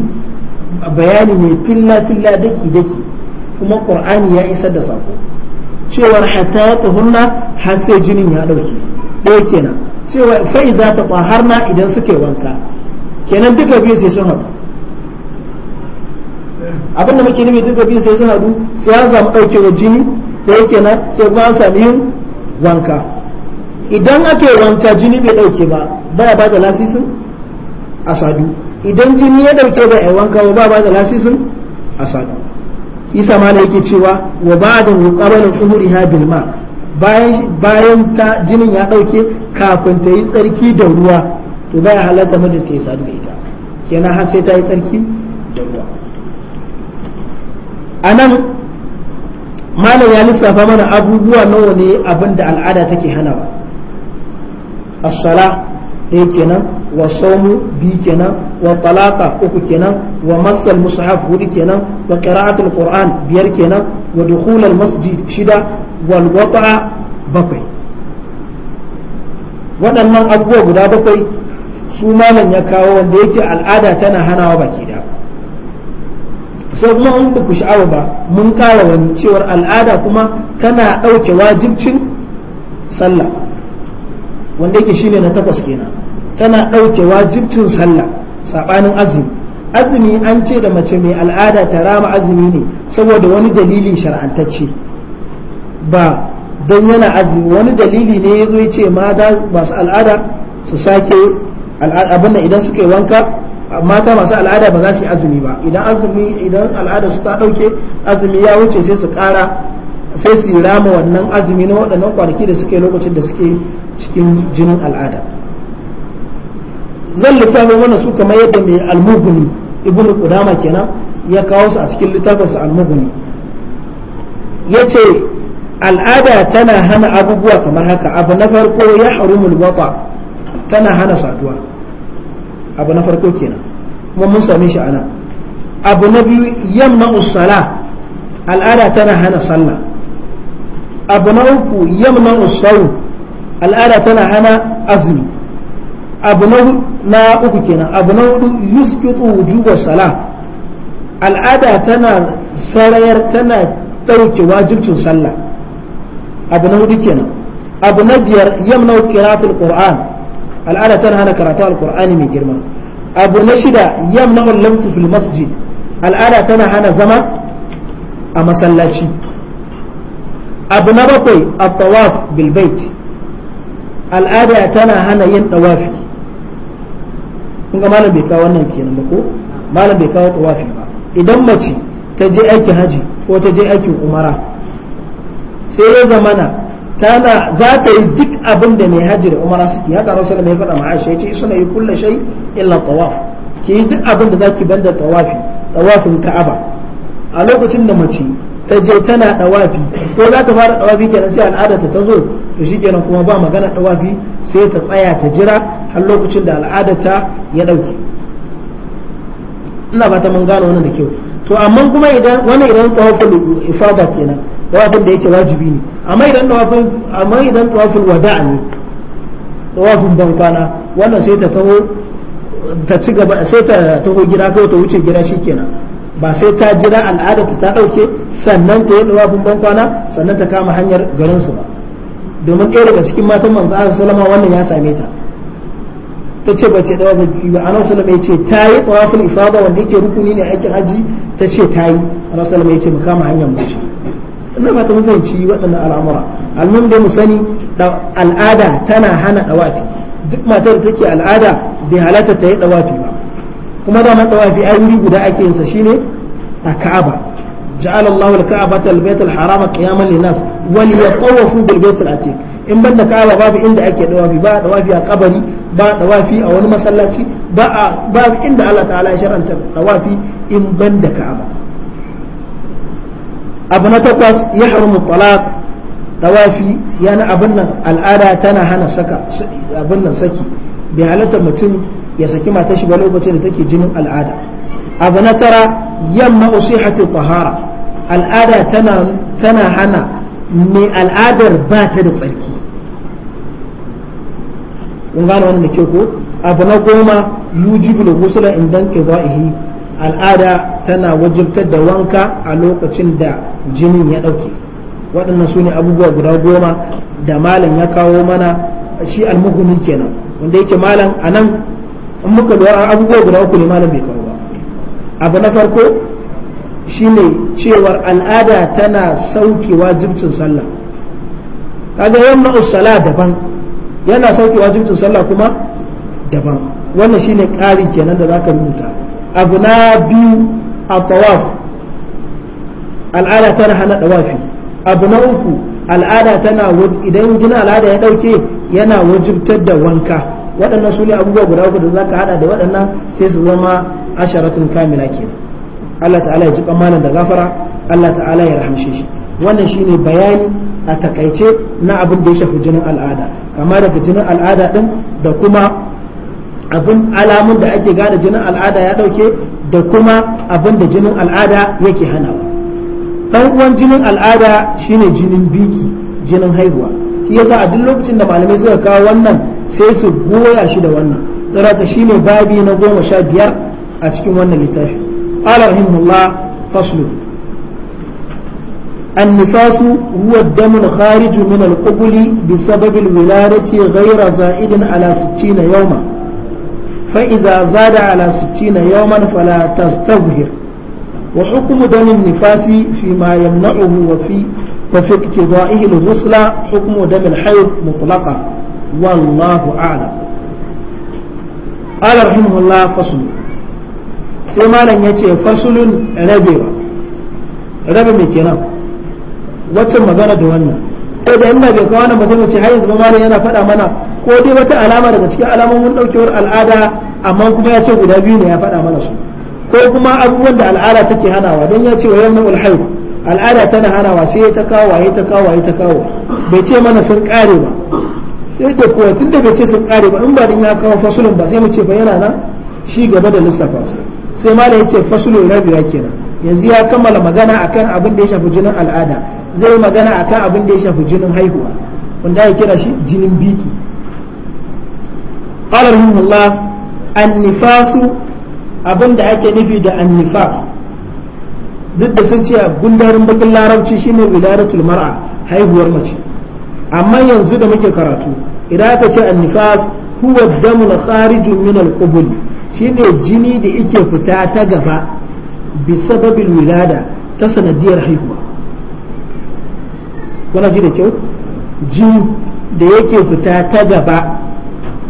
bayani mai filla filla daki daki kuma qur'ani ya isar da sako cewar hatta tuhunna har sai jinin ya dauke ɗaya kenan cewa fa idza tatahharna idan suke wanka kenan duka biyu sai sun haɗu abinda muke nufi duka biyu sai sun haɗu sai an samu ɗaukewar jini yake na sai kuma an samu yin wanka idan ake wanka jini bai ɗauke ba ba ba da lasisin asadu idan jini ya ɗauke ba a wanka ba ba da lasisin asadu. isa ma yake cewa wa ba'da muqabala tuhuriha bil ma bayan ta jinin ya ɗauke kafin ta yi tsarki da ruwa to baya halatta mijin ta yi sadu da ita kenan har sai ta yi tsarki da ruwa anan malam ya lissafa mana abubuwa nawa ne abin da al'ada take hanawa as-sala ɗaya kenan wa sawmu biyu kenan wa talaqa uku kenan wa masal mushaf hudu kenan wa qira'atul qur'an biyar kenan wa dukhulul masjid shida wal bakwai waɗannan abubuwa guda bakwai su malam ya kawo wanda yake al'ada tana hanawa baki da sai kuma in ba ku sha'awa ba mun kawo wani cewar al'ada kuma tana ɗauke wajibcin sallah wanda yake shine na takwas kenan tana ɗauke wajibcin sallah saɓanin azumi azumi an ce da mace mai al'ada ta rama azumi ne saboda wani dalili shar'antacce ba don yana azumi wani dalili ne ya zo ya ce mata masu al'ada su sake abin da idan suka yi wanka mata masu al'ada ba za su yi azumi ba idan azumi idan al'ada su ta ɗauke azumi ya wuce sai su ƙara sai su rama wannan azumi na waɗannan kwanaki da suke lokacin da suke cikin jinin al'ada zan lissafo wannan su kamar yadda mai almuguni ibn qudama kenan ya kawo su a cikin littafinsa almuguni yace al'ada tana hana abubuwa kamar haka abu na farko ya harumul wata tana hana saduwa abu na farko kenan kuma mun same shi ana abu na biyu yamma usala al'ada tana hana sallah abu na uku yamma usawu al'ada tana hana azumi abu na uku kenan abu na hudu yusqitu wujuba salah al'ada tana sarayar tana dauke wajibcin sallah abu na hudu kenan abu na biyar yamna qira'atul qur'an al'ada tana hana karatu alqur'ani mai girma abu na shida yamna lamtu fil masjid al'ada tana hana zama a masallaci abu na bakwai at-tawaf bil bait al'ada tana hana yin tawafi kun ga malam bai kawo wannan kenan ba ko malam bai kawo tawafi ba idan mace ta je aikin haji ko ta je aikin umara sai ya zamana tana za ta yi duk abin da mai haji da umara suke haka rasul mai faɗa ma Aisha yace suna yi kulla shay illa tawaf ki yi duk abin da zaki banda tawafi tawafin Ka'aba a lokacin da mace ta je tana tawafi ko za ta fara tawafi kenan sai al'ada ta zo to shikenan kuma ba magana ɗawafi sai ta tsaya ta jira har lokacin da al'adata ya ɗauke ina fata mun gane wannan da kyau to amma kuma idan wannan idan tawaful ifada kenan tawaful da yake wajibi ne amma idan tawaful amma idan tawaful wada'a ne tawaful ban kwana wannan sai ta taho ta ci gaba sai ta taho gida kawai ta wuce gida shikenan ba sai ta jira al'ada ta ɗauke sannan ta yi tawaful ban kwana sannan ta kama hanyar garinsu ba domin ɗaya daga cikin matan manzo Allah sallama wannan ya same ta ta ce ba ce tawafin ki ba annabi sallallahu ya ce tayi tsawafin ifada wanda yake rukuni ne aikin haji ta ce tayi yi sallallahu alaihi ya ce mu kama hanyar mu ce ina ba ta mafanci waɗannan al'amura almin da mu sani da al'ada tana hana dawafi duk matar da take al'ada bai halatta ta yi dawafi ba kuma da man dawafi ai wuri guda ake yin sa shine a Ka'aba ja'ala Allahu al kaaba al-Bayt al-Haram qiyaman lin-nas wa liyatawafu bil-Bayt al-Atiq in banda Ka'aba babu inda ake dawafi ba dawafi a kabari ba dawafi a wani masallaci ba ba inda Allah ta'ala ya shar'anta dawafi in ban da Ka'aba abu na takwas ya haramu talaq dawafi yana abin nan al'ada tana hana saka abin nan saki bai halatta mutum ya saki mata shi ba lokacin da take jinin al'ada abu na tara yamma usihatu tahara al'ada tana tana hana mai al'adar ba ta da tsarki kun gane wannan da ke ko abu na goma yujibul ghusla indan qada'ihi al'ada tana wajibtar da wanka a lokacin da jinin ya dauke waɗannan su ne abubuwa guda goma da malam ya kawo mana shi almuhuni kenan wanda yake malam a nan in muka lura abubuwa guda uku ne malam bai kawo ba abu na farko shine cewar al'ada tana sauke wajibcin sallah kaga yamma sala daban yana sauke wajibcin sallah kuma daban wannan shine ƙari kenan da zaka rubuta abu na biyu a tawaf al'ada tana hana dawafi abu na uku al'ada tana idan jina al'ada ya ɗauke yana wajibtar da wanka waɗannan su abubuwa guda uku da zaka haɗa da waɗannan sai su zama asharatun kamila kenan Allah ta'ala ya ji kamalan da gafara Allah ta'ala ya rahamshe shi wannan shine bayani a takaice na abin da ya shafi jinin al'ada kama daga jinin al'ada din da kuma abin alamun da ake gane jinin al'ada ya dauke da kuma abin da jinin al'ada yake hanawa dan uwan jinin al'ada shine jinin biki jinin haihuwa shi yasa a duk lokacin da malamai suka kawo wannan sai su goya shi da wannan tsirata shine babi na goma sha biyar a cikin wannan littafi qala rahimahullah faslu النفاس هو الدم الخارج من القبل بسبب الولادة غير زائد على ستين يوما فإذا زاد على ستين يوما فلا تستظهر وحكم دم النفاس فيما يمنعه وفي وفي اقتضائه الغسل حكم دم الحيض مطلقا والله أعلم قال رحمه الله فصل سيما لن يتي فصل ربيع ربيع كلام wacce magana da wannan ko da ina bai kawo wannan ba sai mu ce har yanzu yana faɗa mana ko dai wata alama daga cikin alamomin daukewar al'ada amma kuma ya ce guda biyu ne ya faɗa mana su ko kuma abubuwan da al'ada take hanawa don ya ce wa yamna ulhaid al'ada tana hanawa sai ya ta kawo ya ta kawo ya ta kawo bai ce mana sun kare ba sai da kuwa tun da bai ce sun kare ba in ba din ya kawo fasulun ba sai mu ce fa yana nan shi gaba da lissafa su sai malam ya ce fasulun rabiya kenan yanzu ya kammala magana akan abin da ya shafi jinin al'ada zai magana akan abin da ya shafi jinin haihuwa wanda ya kira shi jinin biki qala rahimahullah an-nifasu abin da ake nufi da annifas duk da sun ce gundarin bakin larabci shine wiladatul mar'a haihuwar mace amma yanzu da muke karatu idan aka ce an-nifas huwa damu kharijun min shine jini da yake fita ta gaba bi sababil wilada ta sanadiyar haihuwa kuna ji da kyau jini da yake fita ta gaba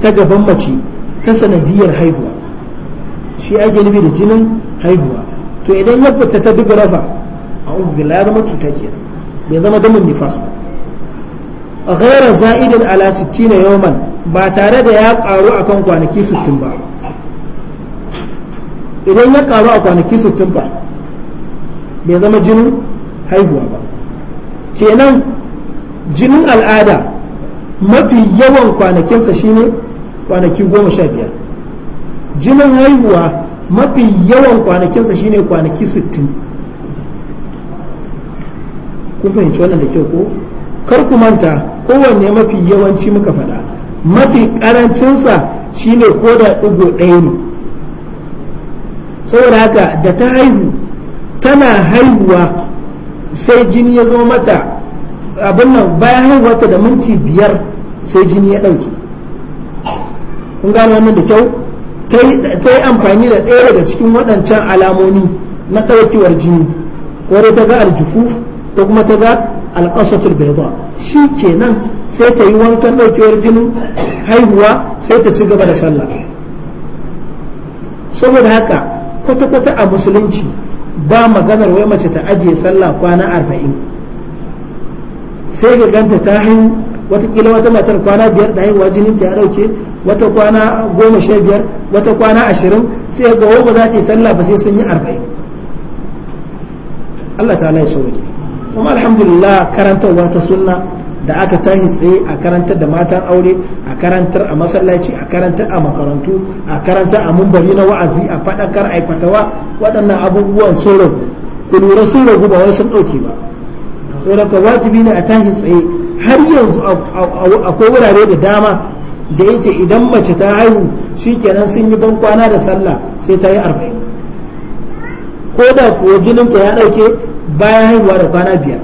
ta gaban mace ta sanadiyar haihuwa shi ake nufi da jinin haihuwa to idan ya fita ta duk rafa a ubillah zama cuta ke bai zama damin nifas ba ghaira za'idin ala na yawman ba tare da ya karu akan kwanaki sittin ba idan ya karu a kwanaki sittin ba bai zama jinin haihuwa ba kenan jinin al'ada mafi yawan kwanakinsa shine kwanaki goma sha biyar jinin haihuwa mafi yawan kwanakinsa shine kwanaki sittin kun fahimci wannan da kyau ko kar ku manta kowanne mafi yawanci muka faɗa mafi ƙarancinsa shine ko da ɗigo ɗaya ne saboda haka da ta haihu tana haihuwa sai jini ya zo mata abin nan bayan haihuwarta da minti biyar sai jini ya ɗauke kun gano wannan da kyau ta yi amfani da ɗaya daga cikin waɗancan alamomi na ɗaukewar jini wadda ta ga aljufu ko kuma ta ga alƙasatul baida shi kenan sai ta yi wankan ɗaukewar jinin haihuwa sai ta ci gaba da sallah saboda haka kwata-kwata a musulunci ba maganar wai mace ta ajiye sallah kwana arba'in sai ga ganta ta hin watakila wata matar kwana biyar da haihuwa jinin ta ya dauke wata kwana goma sha biyar wata kwana ashirin sai ga wanda za ta yi sallah ba sai sun yi arba'in Allah ta ya sauke kuma alhamdulillah karantarwa ta sunna da aka tashi tsaye a karantar da matan aure a karantar a masallaci a karantar a makarantu a karantar a mumbari na wa'azi a faɗakar aikatawa waɗannan abubuwan sun ragu sun ragu ba wai sun ɗauke ba saboda wajibi ne a tashi tsaye har yanzu akwai wurare da dama da yake idan mace ta haihu shikenan sun yi ban kwana da sallah sai ta yi arba'in ko da kuwa jininta ya ɗauke bayan haihuwa da kwana biyar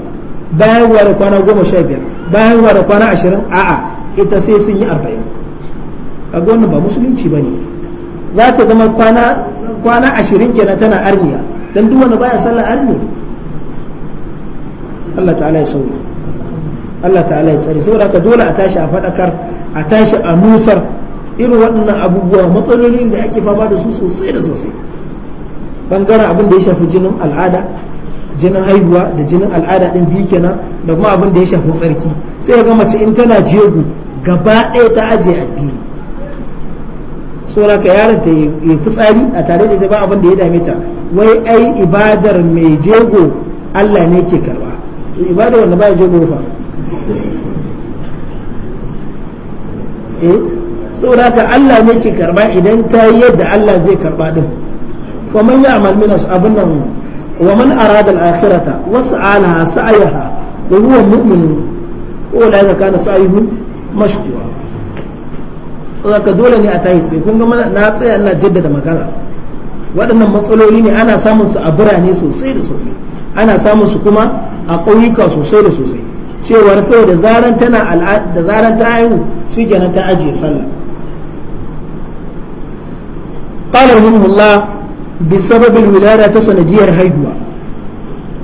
bayan haihuwa da kwana goma sha biyar bayan haihuwa da kwana ashirin a'a ita sai sun yi arba'in kaga wannan ba musulunci ba ne za ta zama kwana ashirin kenan tana arniya don duk wanda baya sallah arniya Allah ta'ala ya sauya Allah ta'ala ya tsare saboda haka dole a tashi a faɗakar a tashi a nusar irin waɗannan abubuwa matsalolin da ake fama da su sosai da sosai bangaren abin da ya shafi jinin al'ada jinin haihuwa da jinin al'ada din biyu kenan da kuma abin da ya shafi tsarki sai ga mace in tana jego gaba ɗaya ta ajiye addini saboda ka yaron ta yi fitsari a tare da ita ba abin da ya dame ta wai ai ibadar mai jego Allah ne ke karba ibada wanda baya je gofa eh saboda haka Allah ne ke karba idan ta yi yadda Allah zai karba din wa man ya'mal min ashabin nan wa man arada al-akhirata wa sa'alaha sa'ayaha wa huwa mu'min ka kana sa'ihu mashkura saboda dole ne a tayi sai kun ga na tsaya Allah jaddada magana waɗannan matsaloli ne ana samun su a birane sosai da sosai ana samun su kuma a ƙauyuka sosai da sosai cewar kawai da zaran tana da zaran ta haihu nan ta ajiye sallah قال رحمه الله wilada ta sanadiyar haihuwa.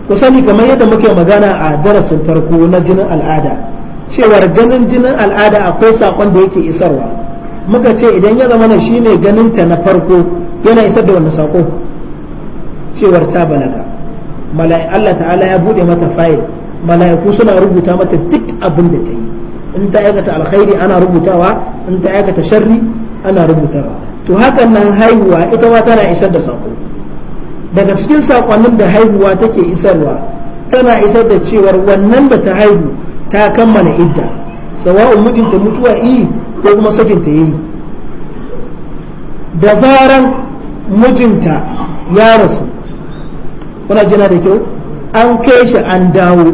ku sani kamar yadda muke magana a darasin farko na jinin al'ada cewar ganin jinin al'ada akwai sakon da yake isarwa muka ce idan ya zama shi ne ta na farko yana isar da wani sako cewar ta balaga Allah ta'ala ya bude mata fayil mala'iku suna rubuta mata duk abin da ta yi in ta aikata alkhairi ana rubutawa in ta aikata sharri ana rubutawa to hakan nan haihuwa ita ma tana isar da sako daga cikin sakonnin da haihuwa take isarwa tana isar da cewar wannan da ta haihu ta kammala idda sawa'un mijinta mutuwa yi ko kuma sakinta yi da zaran mijinta ya rasu kuna jina da kyau an kai shi an dawo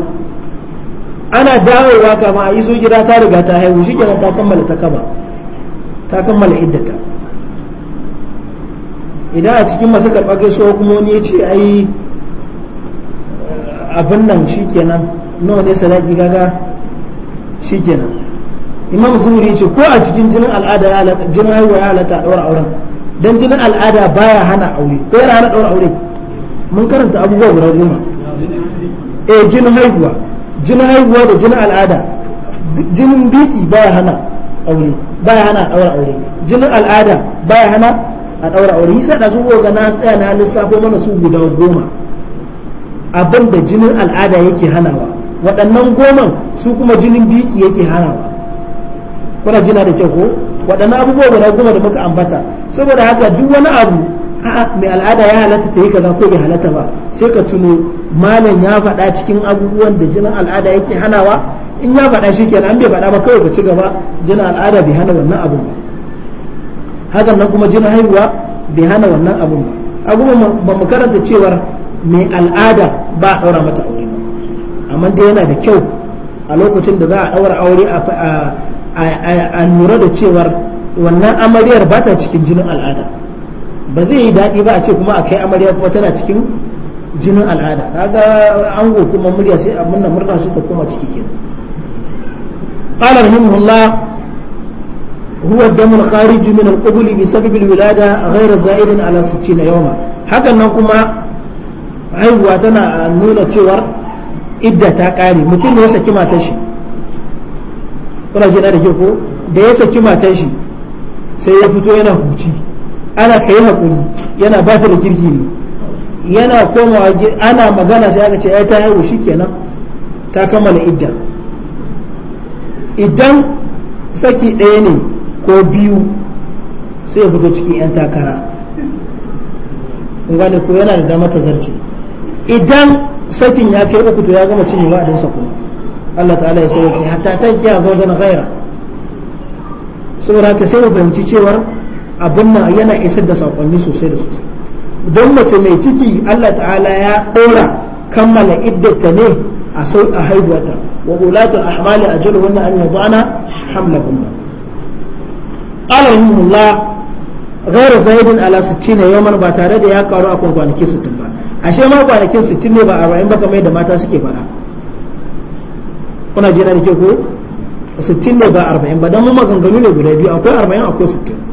ana dawowa kama a yi su gida ta riga ta haihu shi kenan ta kammala ta kaba ta kammala iddata idan a cikin masu karɓar gaisuwa kuma wani ya ce ai abin nan shi kenan nawa ne sadaki gaga shi kenan imam zuhuri ce ko a cikin jinin al'ada jinin haihuwa ya halatta a ɗaura auren dan jinin al'ada baya hana aure ko yana hana ɗaura aure mun karanta abubuwa guda goma eh jinin haihuwa jinin haihuwa da jinin al'ada jinin biki baya hana aure baya hana daura aure jinin al'ada baya hana a daura aure yasa da su goga na tsaya na lissafo mana su guda goma abin da jinin al'ada yake hanawa waɗannan goman su kuma jinin biki yake hanawa kuna jina da kyau ko waɗannan abubuwa guda goma da muka ambata saboda haka duk wani abu a'a mai al'ada ya halatta ta yi kaza ko bai halatta ba sai ka tuno malam ya faɗa cikin abubuwan da jinin al'ada yake hanawa in ya faɗa shi kenan an bai faɗa ba kawai ka ci gaba jinin al'ada bai hana wannan abun ba hakan nan kuma jinin haihuwa bai hana wannan abun ba a kuma ba mu karanta cewar mai al'ada ba a ɗaura mata aure ba amma dai yana da kyau a lokacin da za a ɗaura aure a lura da cewar wannan amaryar ba ta cikin jinin al'ada ba zai yi daɗi ba a ce kuma a kai amarya kuma tana cikin jinin al'ada kaga ango kuma murya sai abin nan murna su ta koma ciki kenan qala rahimahullah هو الدم الخارج من القبل بسبب الولادة غير زائد على ستين يوما hakan nan kuma haihuwa tana nuna cewar idda ta kare mutum ne ya saki matan shi kuna jina da ke ko da ya saki matar shi sai ya fito yana huci ana kai hakuri yana ba ta da kirki ne yana komawa ana magana sai aka ce ai ta haihu shikenan ta kammala idda idan saki ɗaya ne ko biyu sai ya fito cikin 'yan takara gane ko yana da dama ta zarce idan sakin ya kai uku to ya gama cinye wa'adinsa kuma Allah ta'ala ya sauke hatta ta kiya zo da gaira saboda haka sai mu fahimci cewar. abin nan yana isar da saƙonni sosai da sosai don mace mai ciki Allah ta'ala ya ɗora kammala iddata ne a sau a haihuwata wa ulatul ahmali ajaluhunna an yadana hamlahunna qala rahimullah غير زايد على 60 يوما ba tare da ya karu a kwanaki 60 ba ashe ma kwanakin 60 ne ba 40 ba kamar yadda mata suke fara kuna jira da ke ko 60 ne ba 40 ba dan mu maganganu ne guda biyu akwai 40 akwai 60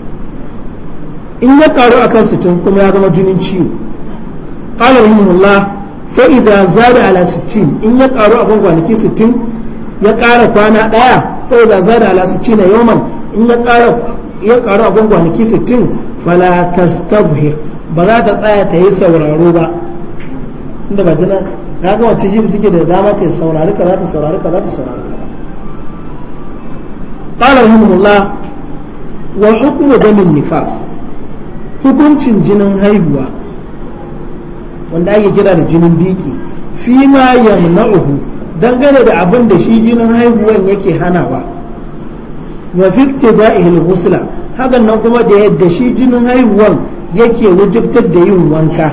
in ya karu akan sittin kuma ya zama jinin ciwo qala rahimahullah fa idza zada ala sittin in ya karu akan kwanaki sittin ya kara kwana ɗaya. fa idza zada ala sittin yawman in ya kara ya karu akan kwanaki sittin fala tastabhir ba za ta tsaya ta yi sauraro ba inda ba jina kaga wacce jibi take da dama ta saurari kaza ta saurari kaza ta saurari kaza qala rahimahullah wa hukmu damin nifas hukuncin jinin haihuwa wanda ake kira da jinin biki fi ma yamna'uhu dangane da abin da shi jinin haihuwan yake hanawa wa da ihil ghusla hakan nan kuma da yadda shi jinin haihuwan yake wajibtar da yin wanka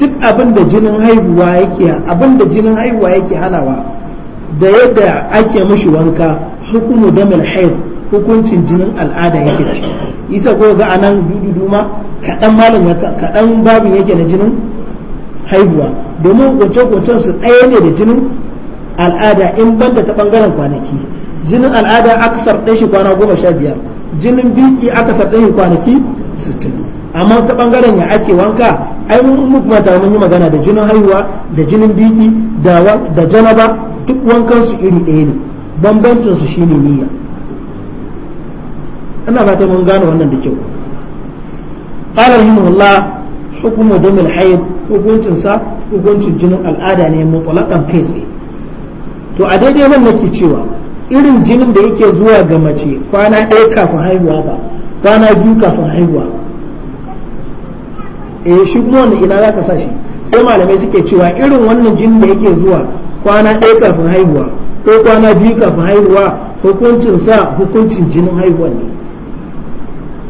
duk abin da jinin haihuwa yake abin da jinin haihuwa yake hanawa da yadda ake mashi wanka hukumu damil haid hukuncin jinin al'ada yake ciki isa ko ga anan dudu duma kaɗan malam kaɗan babu yake na jinin haihuwa domin kwace-kwacen su ɗaya ne da jinin al'ada in banda ta ɓangaren kwanaki jinin al'ada aka sarɗe shi kwana goma sha biyar jinin biki aka sarɗe shi kwanaki sittin amma ta ɓangaren ya ake wanka ai mun muku mata mun yi magana da jinin haihuwa da jinin biki da janaba duk wankan su iri ɗaya ne bambancin su shine niyya ina ta mun gano wannan da kyau qala rahimahullah hukumu damil hayd hukuncin sa hukuncin jinin al'ada ne mutlaqan kai tsaye to a daidai nan nake cewa irin jinin da yake zuwa ga mace kwana ɗaya kafin haihuwa ba kwana biyu kafin haihuwa eh shi kuma wannan ina za ka sa shi sai malamai suke cewa irin wannan jinin da yake zuwa kwana ɗaya kafin haihuwa ko kwana biyu kafin haihuwa hukuncin sa hukuncin jinin haihuwa ne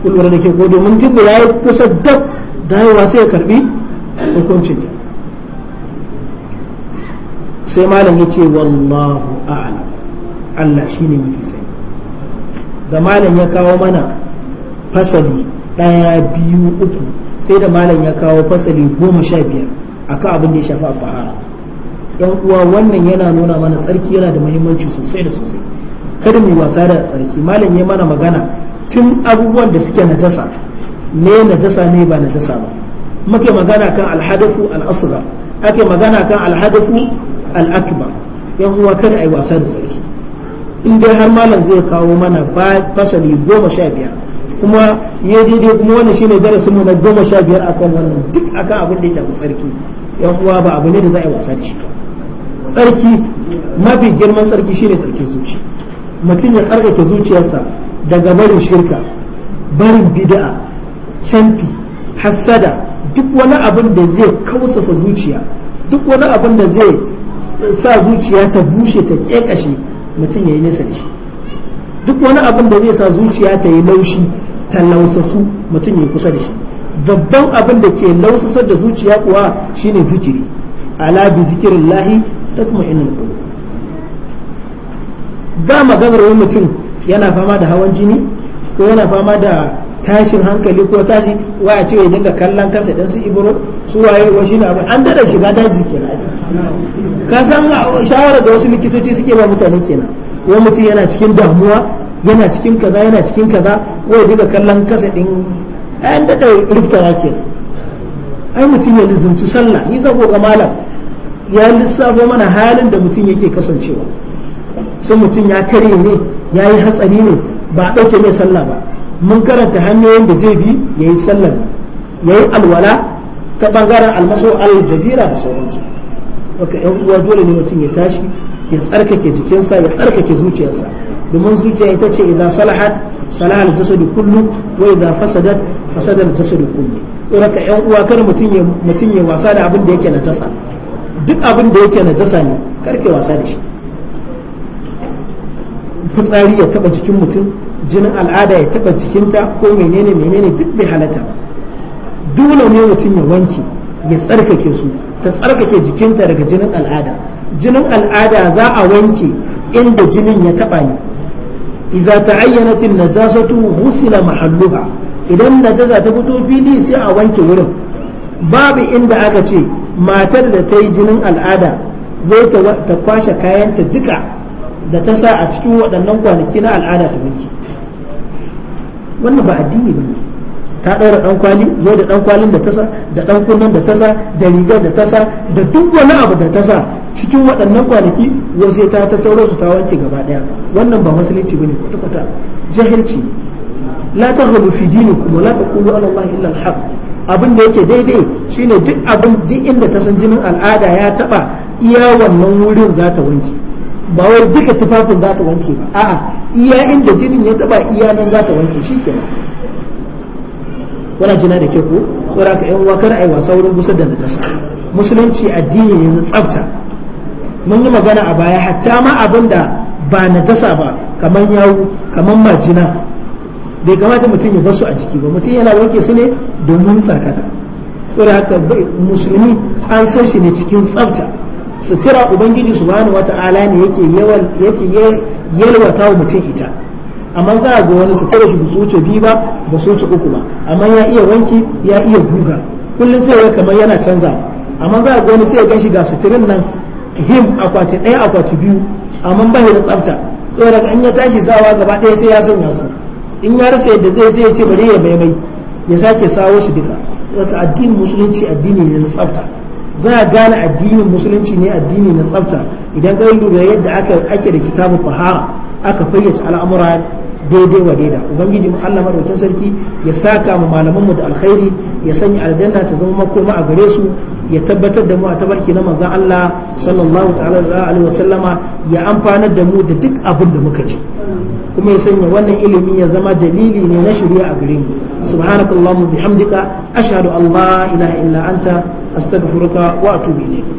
kun da ke ko domin tun da yayi kusa dab dawowa sai ya karbi hukuncin ta sai malam ya ce wallahu a'lam Allah shi ne mafi sani da malam ya kawo mana fasali ɗaya biyu uku sai da malam ya kawo fasali goma sha biyar akan abin da ya shafi fahara yan uwa wannan yana nuna mana tsarki yana da muhimmanci sosai da sosai kada mu wasa da tsarki malam ya mana magana tun abubuwan da suke najasa ne najasa ne ba najasa ba muke magana kan alhadafu al'asra ake magana kan alhadafu al'akbar yan uwa kada a yi wasa da sarki in dai har malam zai kawo mana fasali goma sha biyar kuma ya daidai kuma wannan shine darasin mu na goma sha biyar akan wannan duk akan abin da ya shafi tsarki yan uwa ba abu ne da za a yi wasa da shi tsarki mafi girman tsarki shine tsarkin zuci mutum ya tsarkake zuciyarsa daga barin shirka barin bid'a canfi hassada duk wani abin da zai kausasa zuciya duk wani abin da zai sa zuciya ta bushe ta kekashe mutum ya yi nesa da shi duk wani abin da zai sa zuciya ta yi laushi ta lausasu mutum ya kusa da shi babban abin da ke lausasar da zuciya kuwa shine zikiri ala bi zikirin lahi ta kuma inin ga maganar wani mutum yana fama da hawan jini ko yana fama da tashin hankali ko tashi wa a ce ya dinga kallon kansa dan su ibro su waye wa ne abu an dada shiga daji kenan ka san shawara da wasu likitoci suke ba mutane kenan wa mutum yana cikin damuwa yana cikin kaza yana cikin kaza ko ya dinga kallon kansa din an dada rubtawa kenan ai mutum ya lizumci sallah ni zago ga malam ya lissafo mana halin da mutum yake kasancewa sai mutum ya kare ne ya yi hatsari ne ba a ɗauke mai sallah ba mun karanta hanyoyin da zai bi ya yi sallar ya yi alwala ta ɓangaren almaso aljabira da sauransu baka yan uwa dole ne mutum ya tashi ya tsarkake jikinsa ya tsarkake zuciyarsa domin zuciya ita ce idan salahat salahal jasadu kullu wa idan fasadat fasadal jasadu kullu saboda yan uwa kar mutum ya mutum ya wasa da abin da yake jasa duk abin da yake najasa ne karke wasa da shi fitsari ya taba jikin mutum jinin al'ada ya taba jikinta ko menene menene duk bai halatta dole ne mutum ya wanke ya tsarkake su ta tsarkake jikinta daga jinin al'ada jinin al'ada za a wanke inda jinin ya taba ne idza ta'ayyanat najasatu ghusila mahalluha idan najasa ta fito fili sai a wanke wurin babu inda aka ce matar da ta yi jinin al'ada zai ta kwashe kayanta duka da ta sa a cikin waɗannan kwanaki na al'ada ta wanke wannan ba addini ba ne ta ɗaura ɗan kwali zo da ɗan kwalin da ta sa da ɗan kunnen da ta sa da rigar da ta sa da duk wani abu da ta sa cikin waɗannan kwanaki sai ta tattauro su ta wanke gaba ɗaya wannan ba musulunci ba ne kwata-kwata jahilci la rabu fi dini kuma la kulu ala Allah illa al-haq abin da yake daidai shine duk abin duk inda ta san jinin al'ada ya taɓa iya wannan wurin za ta wanke ba wai duka tufafin za ta wanke ba a'a iya inda jinin ya taba iya nan za ta wanke shi kenan wannan jina da ke ko tsora ka yan wakar ai wasa wurin busar da najasa musulunci addini ne na tsafta mun yi magana a baya hatta ma abin da ba natasa ba kamar yawu kamar majina bai kamata mutum ya bar a jiki ba mutum yana wanke su ne domin tsarkaka tsora ka musulmi an san shi ne cikin tsafta sutura ubangiji subhanahu wata'ala ne yake yawan yake yalwata wa mutum ita amma za a ga wani sutura shi su wuce biyu ba ba su uku ba amma ya iya wanki ya iya guga kullum sai ya kamar yana canza amma za a ga wani sai ya ganshi ga suturin nan him akwati ɗaya akwati biyu amma ba da tsafta sai daga an ya tashi sawa gaba ɗaya sai ya sanya su in ya rasa yadda zai zai ce bari ya maimai ya sake sawo shi duka daga addinin musulunci addini ne na tsafta za a gane addinin musulunci ne addini na tsafta idan ka duba yadda ake da kitabu tahara aka fayyace al'amura daidai wa daida ubangiji mu Allah madaukin sarki ya saka mu malaman mu da alkhairi ya sanya aljanna ta zama makoma a gare su ya tabbatar da mu a tabarki na manzon Allah sallallahu ta'ala alaihi wasallama ya amfanar da mu da duk abin da muka ji kuma ya sanya wannan ilimi ya zama dalili ne na shari'a a gare mu subhanakallahumma bihamdika ashhadu an la ilaha illa anta astaghfiruka wa atubu ilayk